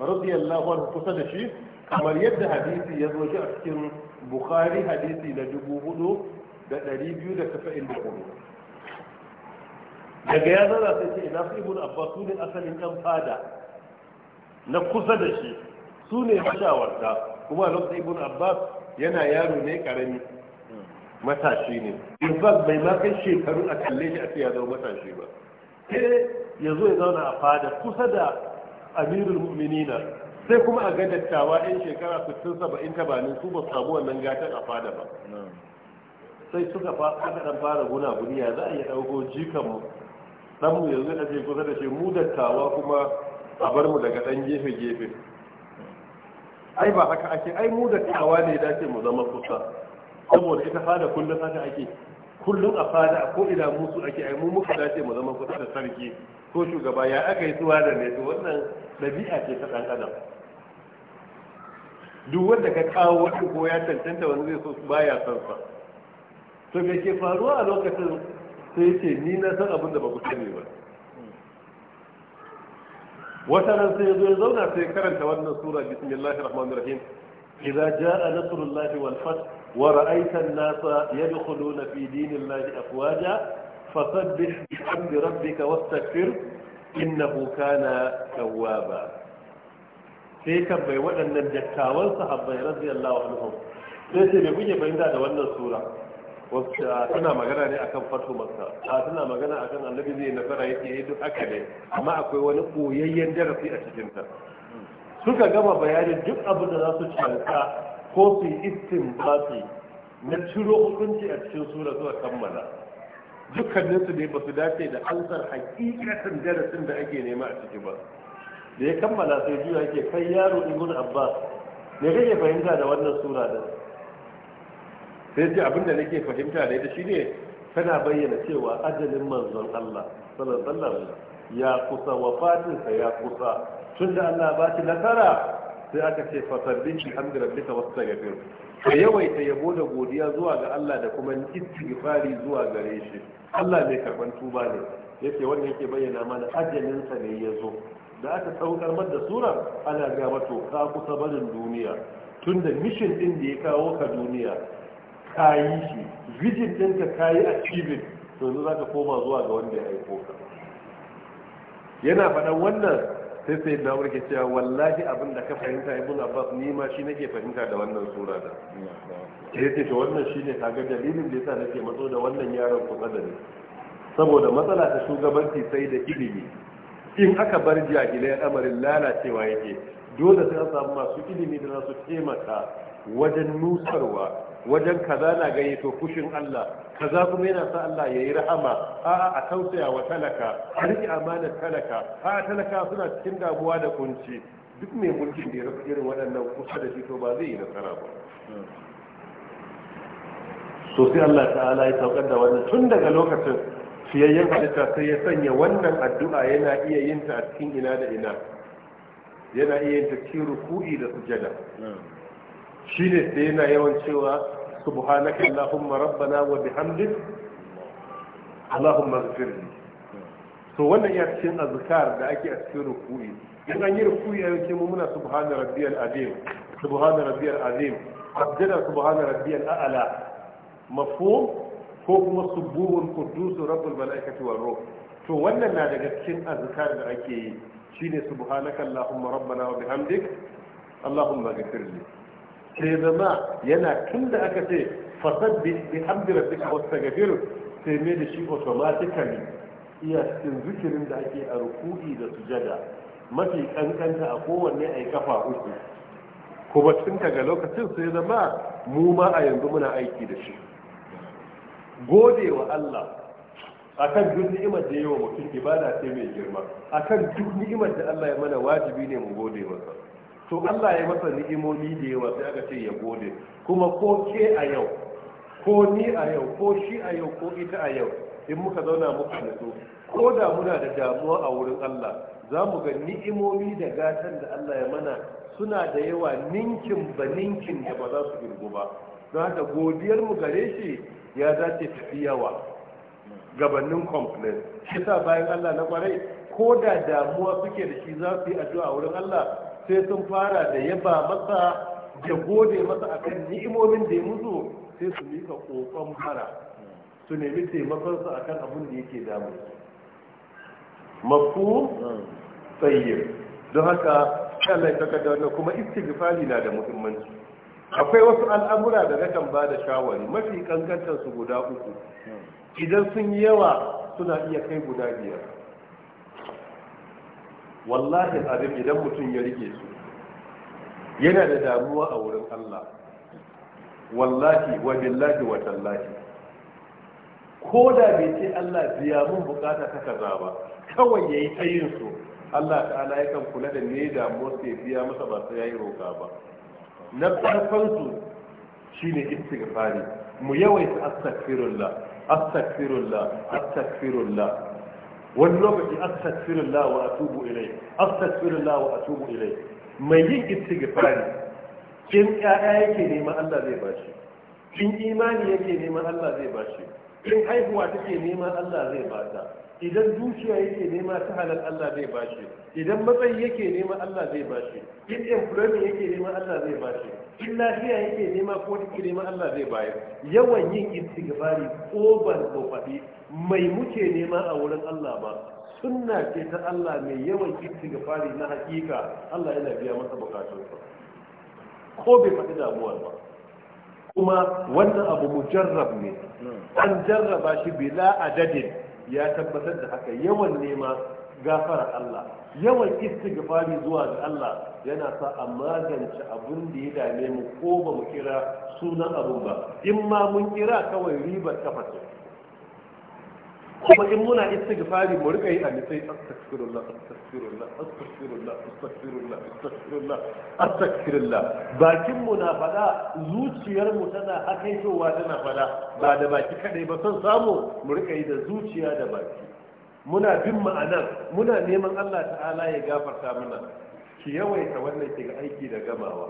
radiyallahu anhu kusa da shi kamar yadda hadisi ya zo shi a cikin bukhari hadisi na dubu hudu da ɗari biyu da tasa'in da hudu daga ya zana sai ce ina su ibn abbas su ne asalin ɗan fada na kusa da shi su ne mashawarta kuma lokacin ibn abbas yana yaro ne karami matashi ne in fact bai ma kai shekaru a kalle shi a ce ya zama matashi ba sai ya zo ya zauna a fada kusa da amirul mu'minina sai kuma a ga dattawa yan shekara 60 70 su ba su samu wannan gatan a fada ba sai suka fada dan fara guna guniya za a iya dauko jikan mu dan mu yanzu da kusa da shi mu dattawa kuma a bar mu daga dan gefe gefe ai ba haka ake ai mu dattawa ne dace mu zama kusa saboda ita fada kullum haka ake kullum a fada ko ina musu ake ai mu muka dace mu zama kusa da sarki ko shugaba ya aka yi suwa da ne to wannan ɗabi'a ce ta dan adam duk wanda ka kawo wani ko ya tantance wani zai so baya san sa to me ke faruwa a lokacin sai ce ni na san abin da ba ku sani ba wata ran sai ya zo ya zauna sai karanta wannan sura bismillahir rahmanir rahim إذا جاء نصر الله والفتح ورأيت الناس يدخلون في دين الله أفواجا فسبح بحمد ربك واستكفر إنه كان توابا سيكا بيوانا نجكاوان صحبا رضي الله عنهم سيكا بيوانا بيوانا دوانا السورة وأنا مجانا أكم فتح مكة أنا مجانا أكم الذي نفر يتعيد أكده ما أكوي ونقو ييندر في أشجنتا suka gama bayanin duk abin da za su canka ko su yi na ciro hukunci a cikin sura zuwa kammala dukkanin su ne ba su dace da ansar hakikatan darasin da ake nema a ciki ba da ya kammala sai juya yake kai yaro ibn abbas ne kake fahimta da wannan sura da sai ce abin da nake fahimta da ita shine tana bayyana cewa ajalin manzon Allah sallallahu alaihi wasallam ya kusa sa ya kusa tun da Allah ba shi nasara sai aka ce fasabbin wasu daga wastaghfir ka yawaita yabo da godiya zuwa ga Allah da kuma istighfari zuwa gare shi Allah mai karban tuba ne yake wannan yake bayyana mana ajalin sa ne yazo da aka saukar da sura ana ga mato ka kusa barin duniya Tun da mission din da ya kawo ka duniya ka yi shi vision din ka kayi achieving to yanzu zaka koma zuwa ga wanda ya aiko ka yana faɗan wannan sai sai da wurke cewa wallahi abin da ka fahimta ibn abbas ni ma shi nake fahimta da wannan sura da sai ce to wannan shine kaga dalilin da yasa nake matso da wannan yaron ku da ni saboda matsala ta shugabanci sai da ilimi in aka bar jahilai al'amarin lalacewa yake dole sai an samu masu ilimi da za su taimaka wajen nusarwa wajen kaza na gayyato fushin Allah kaza kuma yana sa Allah yayi rahama a'a a tausaya wa talaka a riƙe amanar talaka a talaka suna cikin damuwa da kunci duk mai mulkin da ya rufe irin waɗannan kusa da shi to ba zai yi nasara ba so sai Allah ta'ala ya saukar da wannan tun daga lokacin fiyayyen halitta sai ya sanya wannan addu'a yana iya yin ta a cikin ina da ina yana iya yin ta cikin ruku'i da sujada hmm. shine sai yana yawan cewa subhanaka allahumma rabbana wa bihamdik allahumma ighfirli to wannan ya cikin azkar da ake a cikin ruku'i in an yi ruku'i a yake mu muna subhana rabbiyal azim subhana rabbiyal azim abdala subhana rabbiyal a'la mafhum ko kuma subuhun qudus rabbul malaikati war ruh to wannan na daga cikin azkar da ake yi shine subhanaka allahumma rabbana wa bihamdik allahumma ighfirli sai zama yana tun da aka ce fasad bi hamdi rabbika wastaghfir sai mai da shi automatically iya cikin zikirin da ake a ruku'i da sujada mafi kankanta a kowanne a yi kafa uku kuma tun daga lokacin sai zama mu ma a yanzu muna aiki da shi gode wa Allah akan duk ni'imar da yawa mutum ibada sai mai girma akan duk ni'imar da Allah ya mana wajibi ne mu gode masa to Allah ya masa ni'imomi da yawa sai aka ce ya gode kuma ko ke a yau ko ni a yau ko shi a yau ko ita a yau in muka zauna muka nutsu ko da muna da damuwa a wurin Allah za mu ga ni'imomi da gatan da Allah ya mana suna da yawa ninkin ba ninkin da ba za su girgu ba za haka godiyar mu gare shi ya ta tafi yawa gabanin complaint shi sa bayan Allah na kwarai ko da damuwa suke da shi za su yi addu'a wurin Allah sai sun fara da yaba masa da gode masa akan ni'imomin da ya mutu sai su mika kokon fara su nemi taimakonsa akan abin da yake damu mafu tsaye, don haka Allah ta da kuma istighfari na da muhimmanci akwai wasu al'amura da nakan ba da shawari mafi kankantar guda uku idan sun yi yawa suna iya kai guda biyar wallahi abin idan mutum ya rike su yana da damuwa a wurin Allah wallahi wa billahi wa tallahi ko da bai ce Allah biya mun bukata ta kaza ba kawai yayi tayin su Allah ta'ala ya yakan kula da ne damuwa sai biya masa ba sai yayi roka ba na farkon su shine istighfari mu yawaita astaghfirullah astaghfirullah astaghfirullah wani lokaci astaghfirullah wa atubu ilai astaghfirullah wa atubu ilai mai yin istighfari in ƴaƴa yake neman Allah zai bashi in imani yake neman Allah zai bashi in haihuwa take nema Allah zai ba ta idan dukiya yake nema ta halal Allah zai ba shi idan matsayi yake nema Allah zai ba shi in employment yake nema Allah zai ba shi in lafiya yake nema ko take nema Allah zai shi. yawan yin istighfari ko fadi mai muke nema a wurin Allah ba sunna ce ta Allah mai yawan istighfari na hakika Allah yana biya masa bukatunsa ko bai faɗi damuwar ba kuma wannan abu mujarrab ne an jarraba shi bila adadin ya tabbatar da haka yawan nema gafara Allah yawan istighfari zuwa ga Allah yana sa a magance abun da ya dame mu ko ba mu kira sunan abun ba in ma mun kira kawai ribar kafa ce kuma in muna istighfari mu rika yi a nisai astaghfirullah astaghfirullah astaghfirullah astaghfirullah astaghfirullah astaghfirullah bakin mu na fada zuciyar mu tana hakaitowa tana fada ba da baki kadai ba son samu mu rika yi da zuciya da baki muna bin ma'anar muna neman Allah ta'ala ya gafarta mana ki yawaita wannan ki ga aiki da gamawa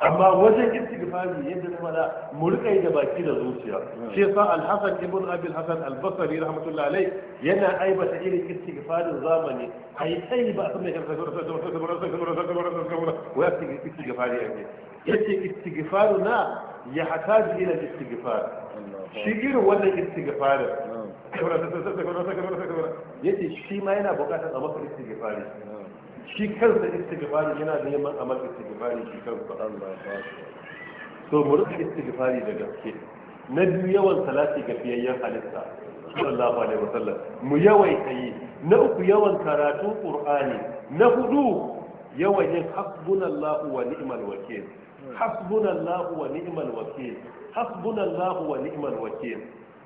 amma wajen istighfari yadda na faɗa mu rika da baki da zuciya shi yasa al-hasan ibn abi al-hasan rahmatullahi alayh yana aibata irin istighfarin zamani ai sai ba san me kansa wa istighfari yake yace istighfaru na ya hataji ila istighfar shi irin wannan istighfarin yace shi ma yana bukatar a masa istighfari shi kansa istighfari yana neman a amal istighfari shi kansa Allah ya ba so mu rika istighfari da gaske na biyu yawan salati ga fiyayyen halitta sallallahu alaihi wasallam mu yawaita yi na uku yawan karatu qur'ani na hudu yawan yin hasbunallahu wa ni'mal wakil hasbunallahu wa ni'mal wakil hasbunallahu wa ni'mal wakil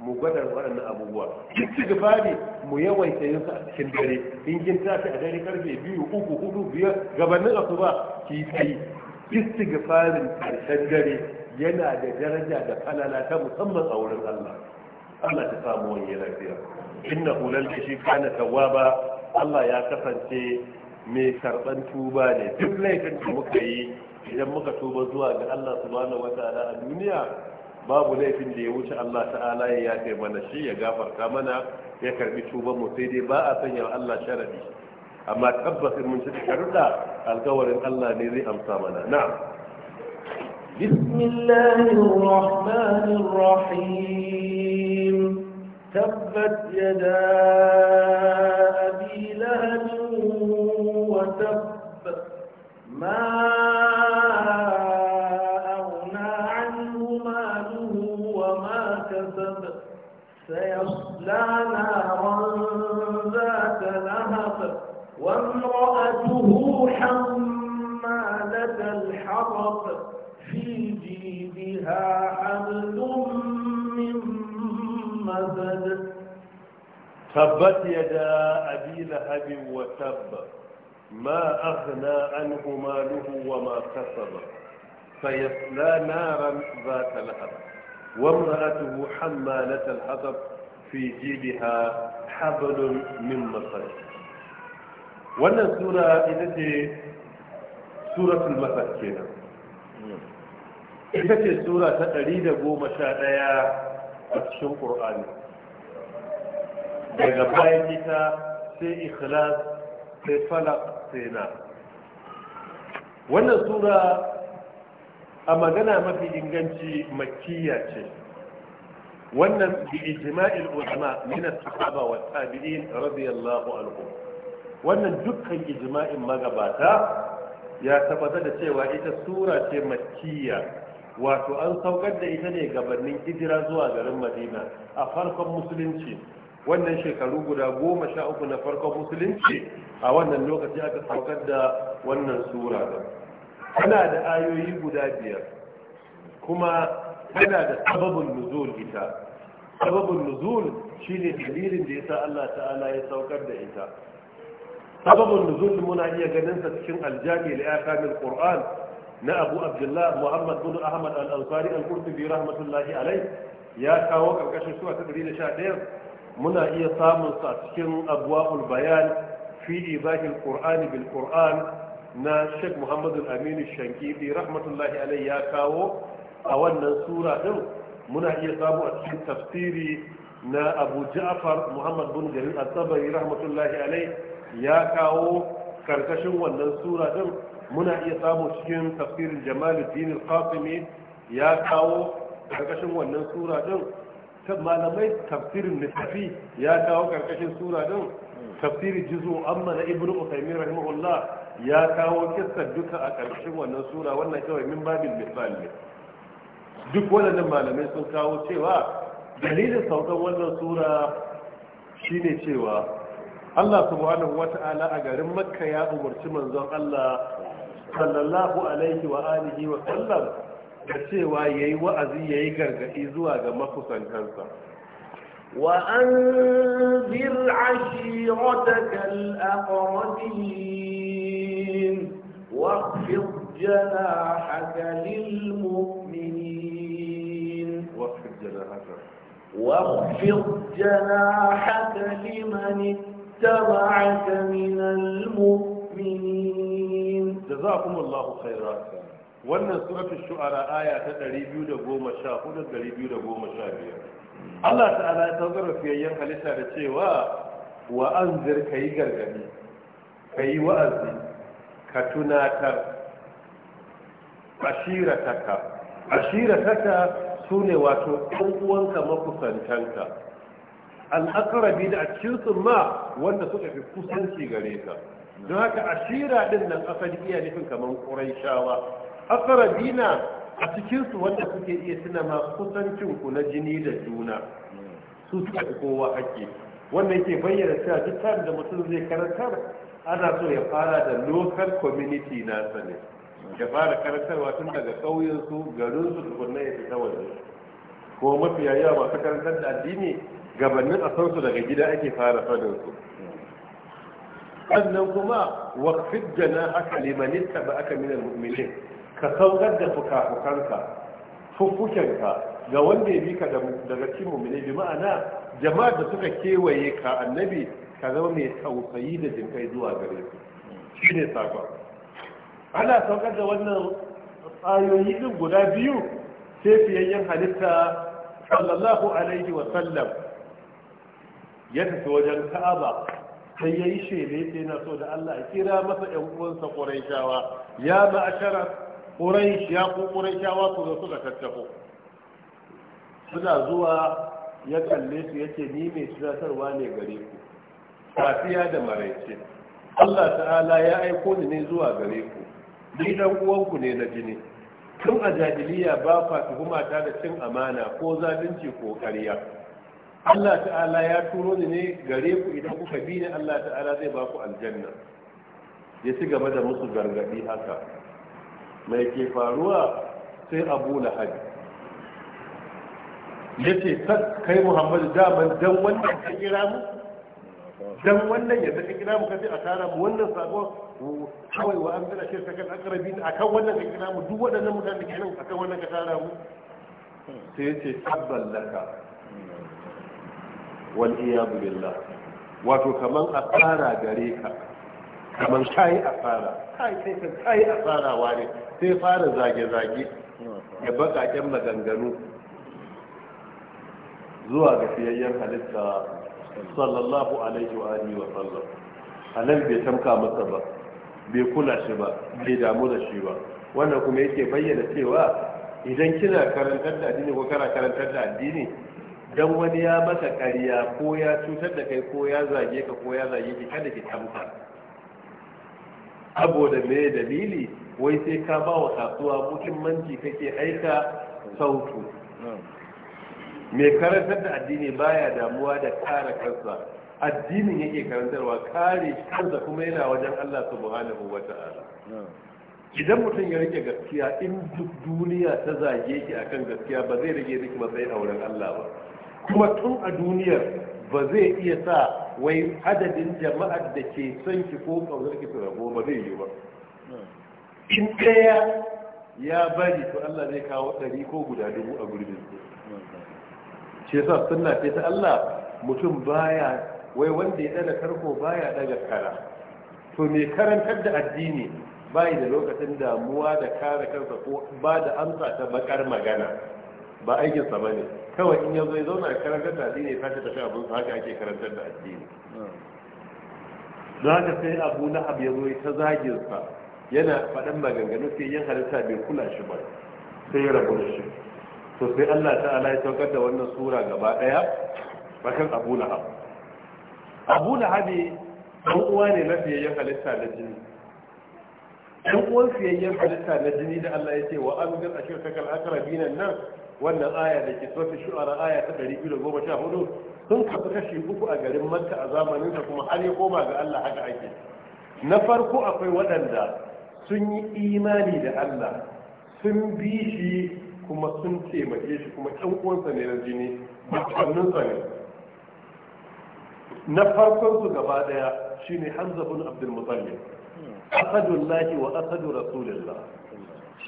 mu gwada waɗannan abubuwa istighfari mu yawaita yin a cikin dare in kin tafi a dare karfe biyu uku hudu biyar gabanin asuba ki yi istighfarin karshen dare yana da daraja da kalala ta musamman a wurin Allah Allah ta samu wani lafiya innahu da shi kana ba, Allah ya kasance mai karban tuba ne duk laifin da muka yi idan muka tuba zuwa ga Allah subhanahu wataala a duniya babu laifin da ya wuce Allah ta'ala ya yafe mana shi ya gafarta mana ya karbi tuban mu sai dai ba a sanya Allah sharadi amma tabbas mun ci sharuda alkawarin Allah ne zai amsa mana na'am بسم الله الرحمن الرحيم تبت يدا أبي لهب وتب ما لا نارا ذات لهب وامرأته حمالة الحطب في جيبها حبل من مزد تبت يدا أبي لهب وتب ما أغنى عنه ماله وما كسب فيصلى نارا ذات لهب وامرأته حمالة الحطب fi jibiha hablun min masar wannan sura ita ce suratul masar kenan ita ce sura ta 111 a cikin ƙur'ani daga bayan ita sai ikhlas sai falak sai na wannan sura a magana mafi inganci makiyya ce wannan bi ulama min as-sahaba wa tabi'in radiyallahu anhum wannan dukkan ijma'in magabata ya tabbata da cewa ita sura ce makkiya wato an saukar da ita ne gabanin hijira zuwa garin madina a farkon musulunci wannan shekaru guda goma sha uku na farkon musulunci a wannan lokaci aka saukar da wannan sura ana da ayoyi guda biyar kuma yana da sababin nuzul ita sababin nuzul shine dalilin da yasa Allah ta'ala ya saukar da ita sababin nuzul muna iya ganin sa cikin aljami li akamil qur'an na Abu Abdullah Muhammad bin Ahmad al-Ansari al-Qurtubi rahmatullahi alayh ya kawo karkashin suwa ta 111 muna iya samun sa cikin abwaul bayan fi ibahil qur'an bil qur'an na Sheikh Muhammadu Aminu amin rahmatullahi alai ya kawo a wannan sura din muna iya samu a cikin tafsiri na abu ja'far muhammad bin jarir al-tabari rahmatullahi alai ya kawo karkashin wannan sura din muna iya samu cikin tafsirin jamaluddin al-qasimi ya kawo karkashin wannan sura din malamai tafsirin littafi ya kawo karkashin sura din tafsiri juzu amma na ibnu usaymin rahimahullah ya kawo kissa duka a karkashin wannan sura wannan kawai min babin misali duk waɗannan malamai sun kawo cewa dalilin saukan wannan sura shine cewa Allah subhanahu wata'ala a garin makka ya umarci manzon Allah sallallahu alaihi wa alihi wa sallam da cewa yayi wa'azi yayi gargadi zuwa ga makusantansa وأنذر عشيرتك الأقربين واخفض جناحك للمؤمنين واخفض جناحك لمن اتبعك من المؤمنين جزاكم الله خيرا wannan suratul shu'ara aya ta 214-215 Allah ta'ala ya tauzara fiyayyen halitta da cewa wa an zir ka yi gargadi ka yi wa'azi ka tunatar ashirataka ashirataka su ne wato ɗan uwanka makusantanka al'akarabi da a cikin ma wanda suka fi kusanci gare ka don haka ashira din nan asali iya nufin kamar ƙurai shawa akarabi na a su wanda suke iya tuna ma kusancin ku na jini da juna su suka fi kowa ake wannan yake bayyana cewa duk da mutum zai karantar ana so ya fara da local community nasa ne ya fara karantarwa tun daga ƙauyensu garinsu tukunna ya fita waje ko mafi yawa masu karantar da addini gabanin a san daga gida ake fara sanin su sannan kuma aka limanista ba aka minar mu'minin ka saukar da fukafukanka fuffukenka ga wanda ya bi ka daga cikin mu'mini bi ma'ana jama'a da suka kewaye ka annabi ka zama mai tausayi da jinkai zuwa gare su shine sakon ana saukar da wannan tsayoyi din guda biyu sai fiyayyen halitta sallallahu alaihi wa sallam ya tafi wajen ka'aba sai yi shele sai na so da Allah a kira masa ƴan uwansa Qurayshawa ya ma'ashara Quraysh ya ku Qurayshawa ku zo suka tattako suna zuwa ya kalle su yake ni mai tunatarwa ne gare ku safiya da maraice Allah ta'ala ya aiko ni ne zuwa gare ku ni dan uwanku ne na jini tun a jahiliya ba fa tuhuma ta da cin amana ko zalunci ko ƙarya Allah ta'ala ya turo ni ne gare ku idan kuka bi ni Allah ta'ala zai ba ku aljanna ya ci gaba da musu gargadi haka mai ke faruwa sai abu lahab ya ce kai muhammadu daman dan wannan ka kira mu dan wannan ya saka kira mu kace a tara mu wannan sako kawai wa an zala shirka kan akrabi akan wannan ka kira mu duk waɗannan mutanen da ke nan akan wannan ka tara mu sai yace tabbal laka wal iyadu billah wato kaman asara gare ka kaman kai asara kai kai kai asara wani sai fara zage zage ya kyan maganganu zuwa ga fiyayyen halitta sallallahu alaihi wa alihi wa sallam anan bai tamka masa ba bai kula shi ba bai damu da shi ba wannan kuma yake bayyana cewa idan kina karantar da addini ko kana karantar da addini dan wani ya maka ƙarya ko ya cutar da kai ko ya zage ka ko ya zage ki kada ki tamka da me dalili wai sai ka ba wa kasuwa muhimmanci kake aika sautu mai karantar da addini baya damuwa da kare kansa addinin yake karantarwa kare kansa kuma yana wajen Allah subhanahu wata'ala idan mutum ya rike gaskiya in duk duniya ta zage ki akan gaskiya ba zai rage miki matsayin auren Allah ba kuma tun a duniyar ba zai iya sa wai adadin jama'ar da ke son ki ko kaunar ki rabo ba zai yi ba in ɗaya ya bari to Allah zai kawo ɗari ko guda dubu a gurbin su ke sa sunna ce ta Allah mutum baya wai wanda ya daga karko baya daga kara to me karantar da addini bai da lokacin damuwa da kare kansa ko ba da amsa ta bakar magana ba aikinsa sa bane kawai in yazo ya zauna ya karantar da addini ya tashi tafi abin haka ake karantar da addini za ka sai abu na abu ya zo ta zaginsa yana faɗan maganganu sai yin halitta bai kula shi ba sai ya rabu da shi to sai Allah ta'ala ya saukar da wannan sura gaba daya bakan Abu Lahab Abu Lahab dan uwa ne na fiyayyen halitta na jini dan uwan fiyayyen halitta na jini da Allah ya ce wa amgar ashirkal akrabin nan wannan aya da ke sura shu'ara aya ta 214 sun kafa kashi uku a garin Makka a zamanin sa kuma har ya koma ga Allah haka ake na farko akwai waɗanda sun yi imani da Allah sun bi shi kuma sun taimake shi kuma ɗan uwansa ne na jini bakwanninsa ne na farkon su gaba daya shine hanzabun abdul mutallib asadullahi wa asadu rasulillah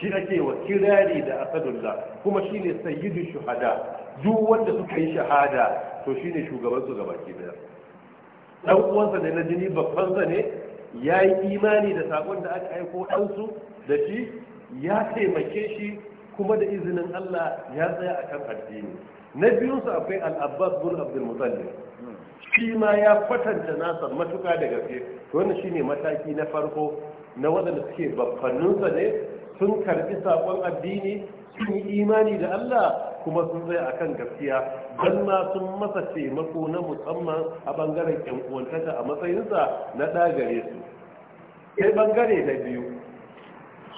shi ake wa kirari da asadullah kuma shine sayyidu shuhada duk wanda suka yi shahada to shine shugaban su gaba ki daya dan uwansa ne na jini babbansa ne ya yi imani da sakon da aka aiko ɗansu da shi ya taimake shi kuma da izinin Allah ya tsaya a kan addini na biyunsu akwai al'abbas bin abdul mutallib shi ma ya kwatanta nasa matuka da gaske to wannan shine mataki na farko na waɗanda suke babbanninsa ne sun karɓi saƙon addini sun yi imani da Allah kuma sun tsaya a akan gaskiya don ma sun masa taimako na musamman a ɓangaren ƴan uwantaka a matsayinsa na ɗagare su sai ɓangare na biyu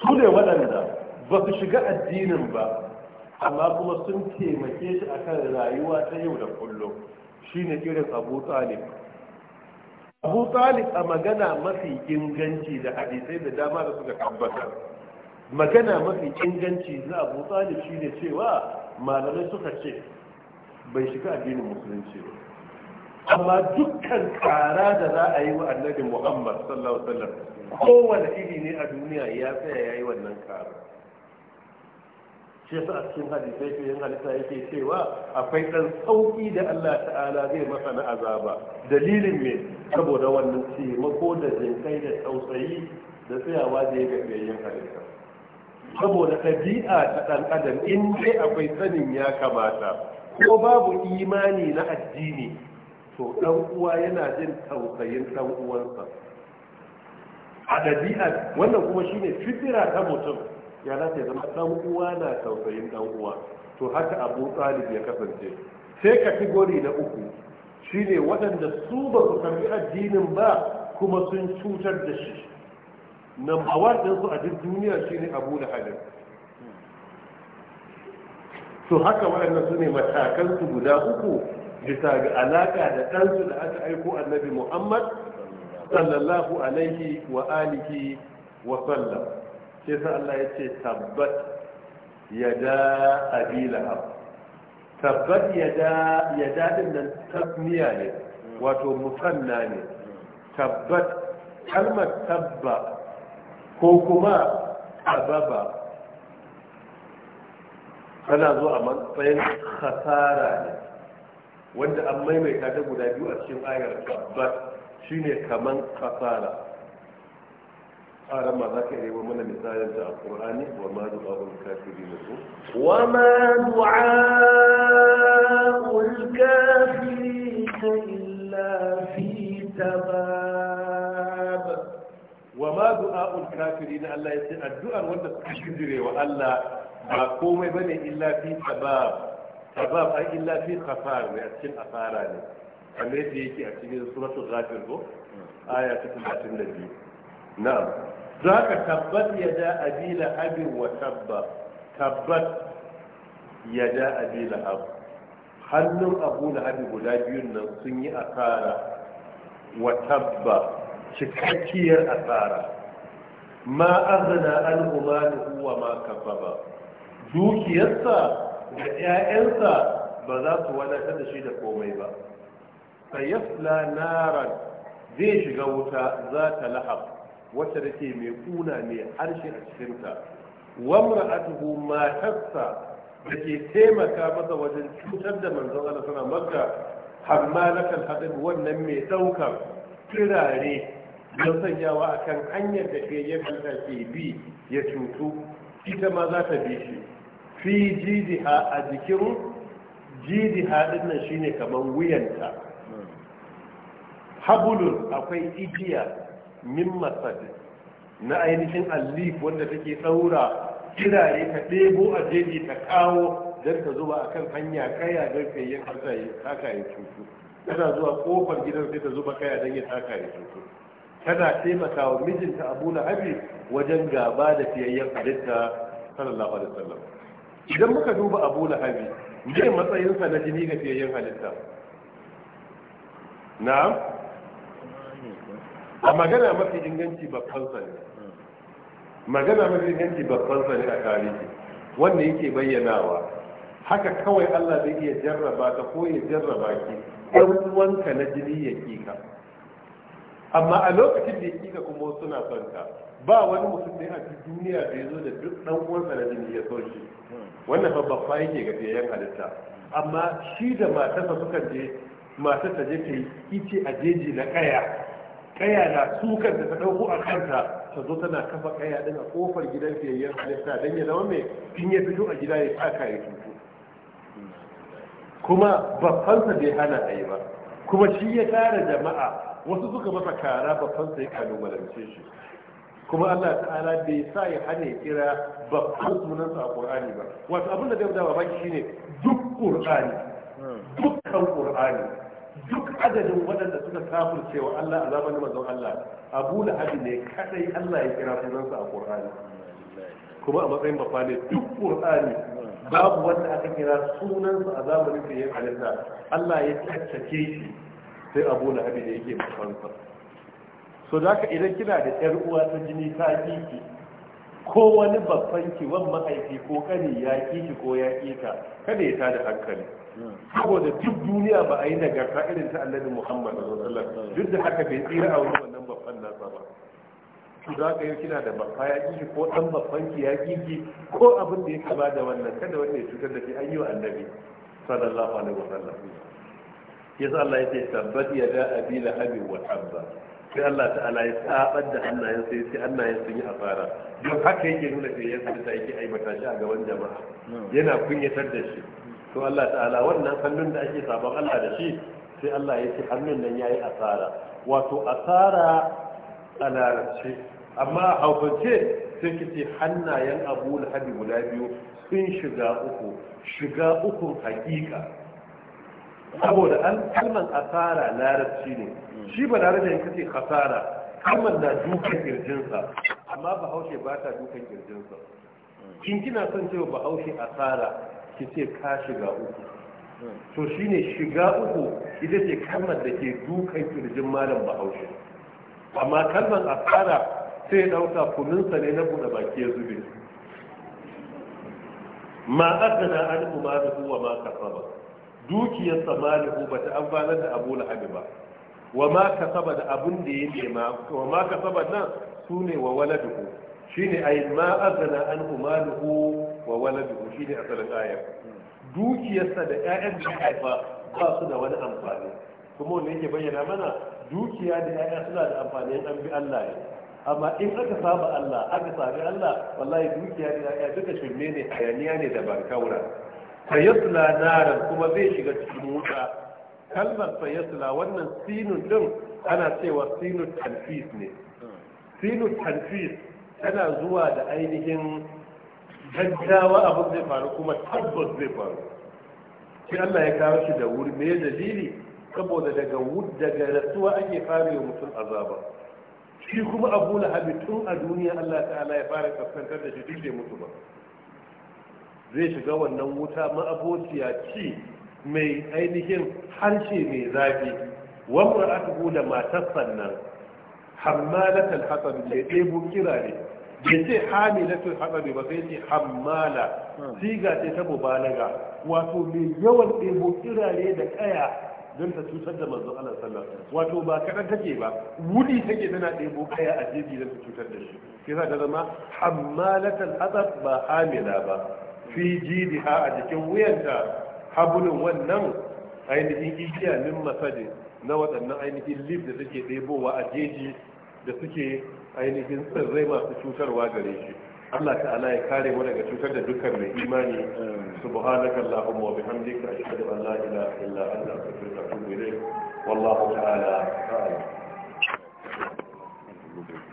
su ne waɗanda ba su shiga addinin ba amma kuma sun taimake shi a kan rayuwa ta yau da kullum shi ne kiran abu talib abu talib a magana mafi inganci da hadisai da dama da suka tabbatar magana mafi inganci na abu talib ne cewa malamai suka ce bai shiga addinin musulunci ba amma dukkan kara da za a yi wa annabi muhammad sallallahu alaihi wasallam kowane iri ne a duniya ya tsaya ya yi wannan kara shi yasa a cikin hadisai sai yin halitta yake cewa akwai dan sauki da Allah ta'ala zai masa na azaba dalilin me saboda wannan taimako da jinkai da tausayi da tsayawa da ya ga yin halitta saboda ɗabi'a ta ɗan adam in dai akwai sanin ya kamata ko babu imani na addini to ɗan uwa yana jin tausayin ɗan uwansa a ɗabi'a wannan kuma shine fitira ta mutum ya za zama dan uwa na tausayin dan uwa to haka abu talib ya kasance sai kategori na uku shine waɗanda su ba su karbi addinin ba kuma sun cutar da shi number one ɗinsu a duk duniya shine abu da hadin to haka waɗanda su ne matakansu guda uku bisa ga alaƙa da ɗansu da aka aiko annabi muhammad sallallahu alaihi wa alihi wa sallam shi yasa Allah ya ce tabbat yada abi lahab tabbat ya yada nan tasmiya ne wato musanna ne tabbat kalmar tabba ko kuma ababa tana zo a matsayin khasara ne wanda an maimaita ta guda biyu a cikin ayar tabbat shine kaman khasara ƙaran ba za ka yi wa mana misalin a ƙorani wa ma du'a ul kafiri na su wa ma du'a ul na illa fi wa ma du'a ul na Allah ya ce addu'ar wanda suka shirye wa Allah ba komai bane illa fi tabab tabab ai illa fi khasar ne a cikin asara ne kamar yadda yake a cikin suratul ghafir ko aya ta 32 نعم no. za ka tabbat ya da abi lahabin wa tabba tabbat ya da abi lahab hannun abu lahabi guda biyun nan sun yi asara wa tabba cikakkiyar asara ma azna an wa ma kafaba dukiyarsa da 'ya'yansa ba za su wadatar da shi da komai ba sayafla naran zai shiga wuta za ta lahab wacce take mai kuna mai harshe a cikinta ma matarsa da ke taimaka masa wajen cutar da manzon Allah sana makka hammalakan hadin wannan mai daukar kirare don sanyawa akan hanyar da ke ya kanta ke bi ya cutu ita ma za ta bi shi fi jidiha a jikin jidiha din nan shine kamar wuyanta habulun akwai igiya min masad na ainihin allif wanda take tsaura kirare ka ɗebo a jeji ta kawo don ka zuba a kan hanya kaya don ka yi haka ya cutu tana zuwa kofar gidan sai ta zuba kaya don ya taka ya cutu tana taimaka wa mijinta abu lahabi wajen gaba da fiyayyen halitta sallallahu alaihi wasallam idan muka duba abu lahabi me matsayinsa na jini ga fiyayyen halitta na'am a magana mafi inganci babban sani magana mafi inganci babban sani a tarihi wanda yake bayyanawa haka kawai Allah zai iya jarraba ka ko ya jarraba ki ɗan na jini ya kika amma a lokacin da ya kika kuma suna son ka ba wani mutum da a duniya da ya zo da duk ɗan uwansa na jini ya son shi wannan fa babba yake ga fiyayen halitta amma shi da matarsa suka je matasa je ta yi ice a jeji na kaya kaya na sukar da ta ɗauko a kanta ta zo tana kafa kaya din a kofar gidan fiyayyen halitta dan ya zama mai in ya fito a gida ya taka ya tutu kuma babbansa bai hana a yi ba kuma shi ya tara jama'a wasu suka masa kara babbansa ya kalubalance shi kuma Allah ta'ala bai sa ya hana ya kira babban sunansa a Qur'ani ba wato abin da zai dawa baki shine duk Qur'ani dukkan Qur'ani duk adadin waɗanda suka kafin cewa Allah azaban da mazan Allah Abu Lahab ne kadai Allah ya kira sunansa a Qur'ani kuma a matsayin babba ne duk Qur'ani babu wanda aka kira sunansa a zamanin da ya halitta Allah ya tattake shi sai Abu Lahab ne yake mafansa. so da idan kina da ƴar uwa ta jini ta kiki ko wani babban ki ma'aiki ko kani ya kiki ko ya kika kada ya tada hankali saboda duk duniya ba a yi nagarta irin ta annabi muhammad sallallahu duk da haka bai tsira a wani wannan babban nasa ba Ku za ka yi kina da babba ya kiki ko dan babban ki ya kiki ko abin da ya kama da wannan kada wanda ya cutar da shi an yi wa annabi sallallahu alaihi wasallam yasa Allah ya ce tabbat ya da abi lahabin wa tabba sai Allah ta'ala ya tsabar da hannayen sai sai hannayen sun yi asara Duk haka yake nuna sai yasa da yake aibata shi a gaban jama'a yana kunyatar da shi to Allah ta'ala wannan hannun da ake sabon Allah da shi sai Allah ya ce hannun nan yayi asara wato asara a larabce amma a haukance sai kice hannayen Abu Lahabi guda biyu sun shiga uku shiga ukun hakika saboda an kalman asara larabci ne shi ba larabci in kace khasara kalman na dukan kirjinsa amma bahaushe ba ta dukan kirjinsa kin kina son cewa bahaushe asara ki ce ka shiga uku to shi ne shiga uku ita ce kalmar da ke dukan kirjin malam bahaushe amma kalmar a tsara sai ɗauka kuninsa ne na buɗe baki ya zube ma na an da wa ma kasaba dukiyar samalihu ba ta amfanar da abu lahabi ba wa ma kasaba da abun da ya ma wa ma ba nan su ne wa waladuhu shine ai ma na an umaruhu wa waladu shi ne asalin ayar dukiyarsa da ƴaƴan da haifa ba su da wani amfani kuma wanda yake bayyana mana dukiya da ƴaƴa suna da amfani an bi Allah ne amma in aka saba Allah aka sabi Allah wallahi dukiya da ƴaƴa duka shirme ne hayaniya ne da barkaura fayasla naran kuma zai shiga cikin wuta kalmar fayasla wannan sinun din ana cewa sinun tanfis ne sinun tanfis tana zuwa da ainihin gaggawa abin zai faru kuma tabbas zai faru shi Allah ya kawo shi da wuri mai dalili saboda daga daga rasuwa ake fara yi mutum azaba shi kuma abu lahabi tun a duniya Allah ta'ala ya fara kaskantar da shi duk da mutu ba zai shiga wannan wuta abociya ci mai ainihin harshe mai zafi wamra aka da matar sannan hammalatal hasan da ya ɗebo kira bai ce hamilatul haɓari ba sai ce hammala siga ce ta mubalaga wato mai yawan ɗebo kirare da kaya don ta cutar da manzon Allah sallallahu wato ba kaɗan take ba wuri take tana ɗebo kaya a jeji don ta cutar da shi sai za ta zama hammalatul haɓar ba hamila ba fi jidiha a jikin wuyanta habulin wannan ainihin igiya min masadi na waɗannan ainihin lif da suke ɗebowa a jeji da suke ainihin tsirrai masu cutarwa gare shi Allah ta'ala ya kare mu daga cutar da dukkan mai imani subhanaka allahumma wa bihamdika ashhadu an la ilaha illa anta astaghfiruka wa atubu ilayk wallahu ta'ala a'lam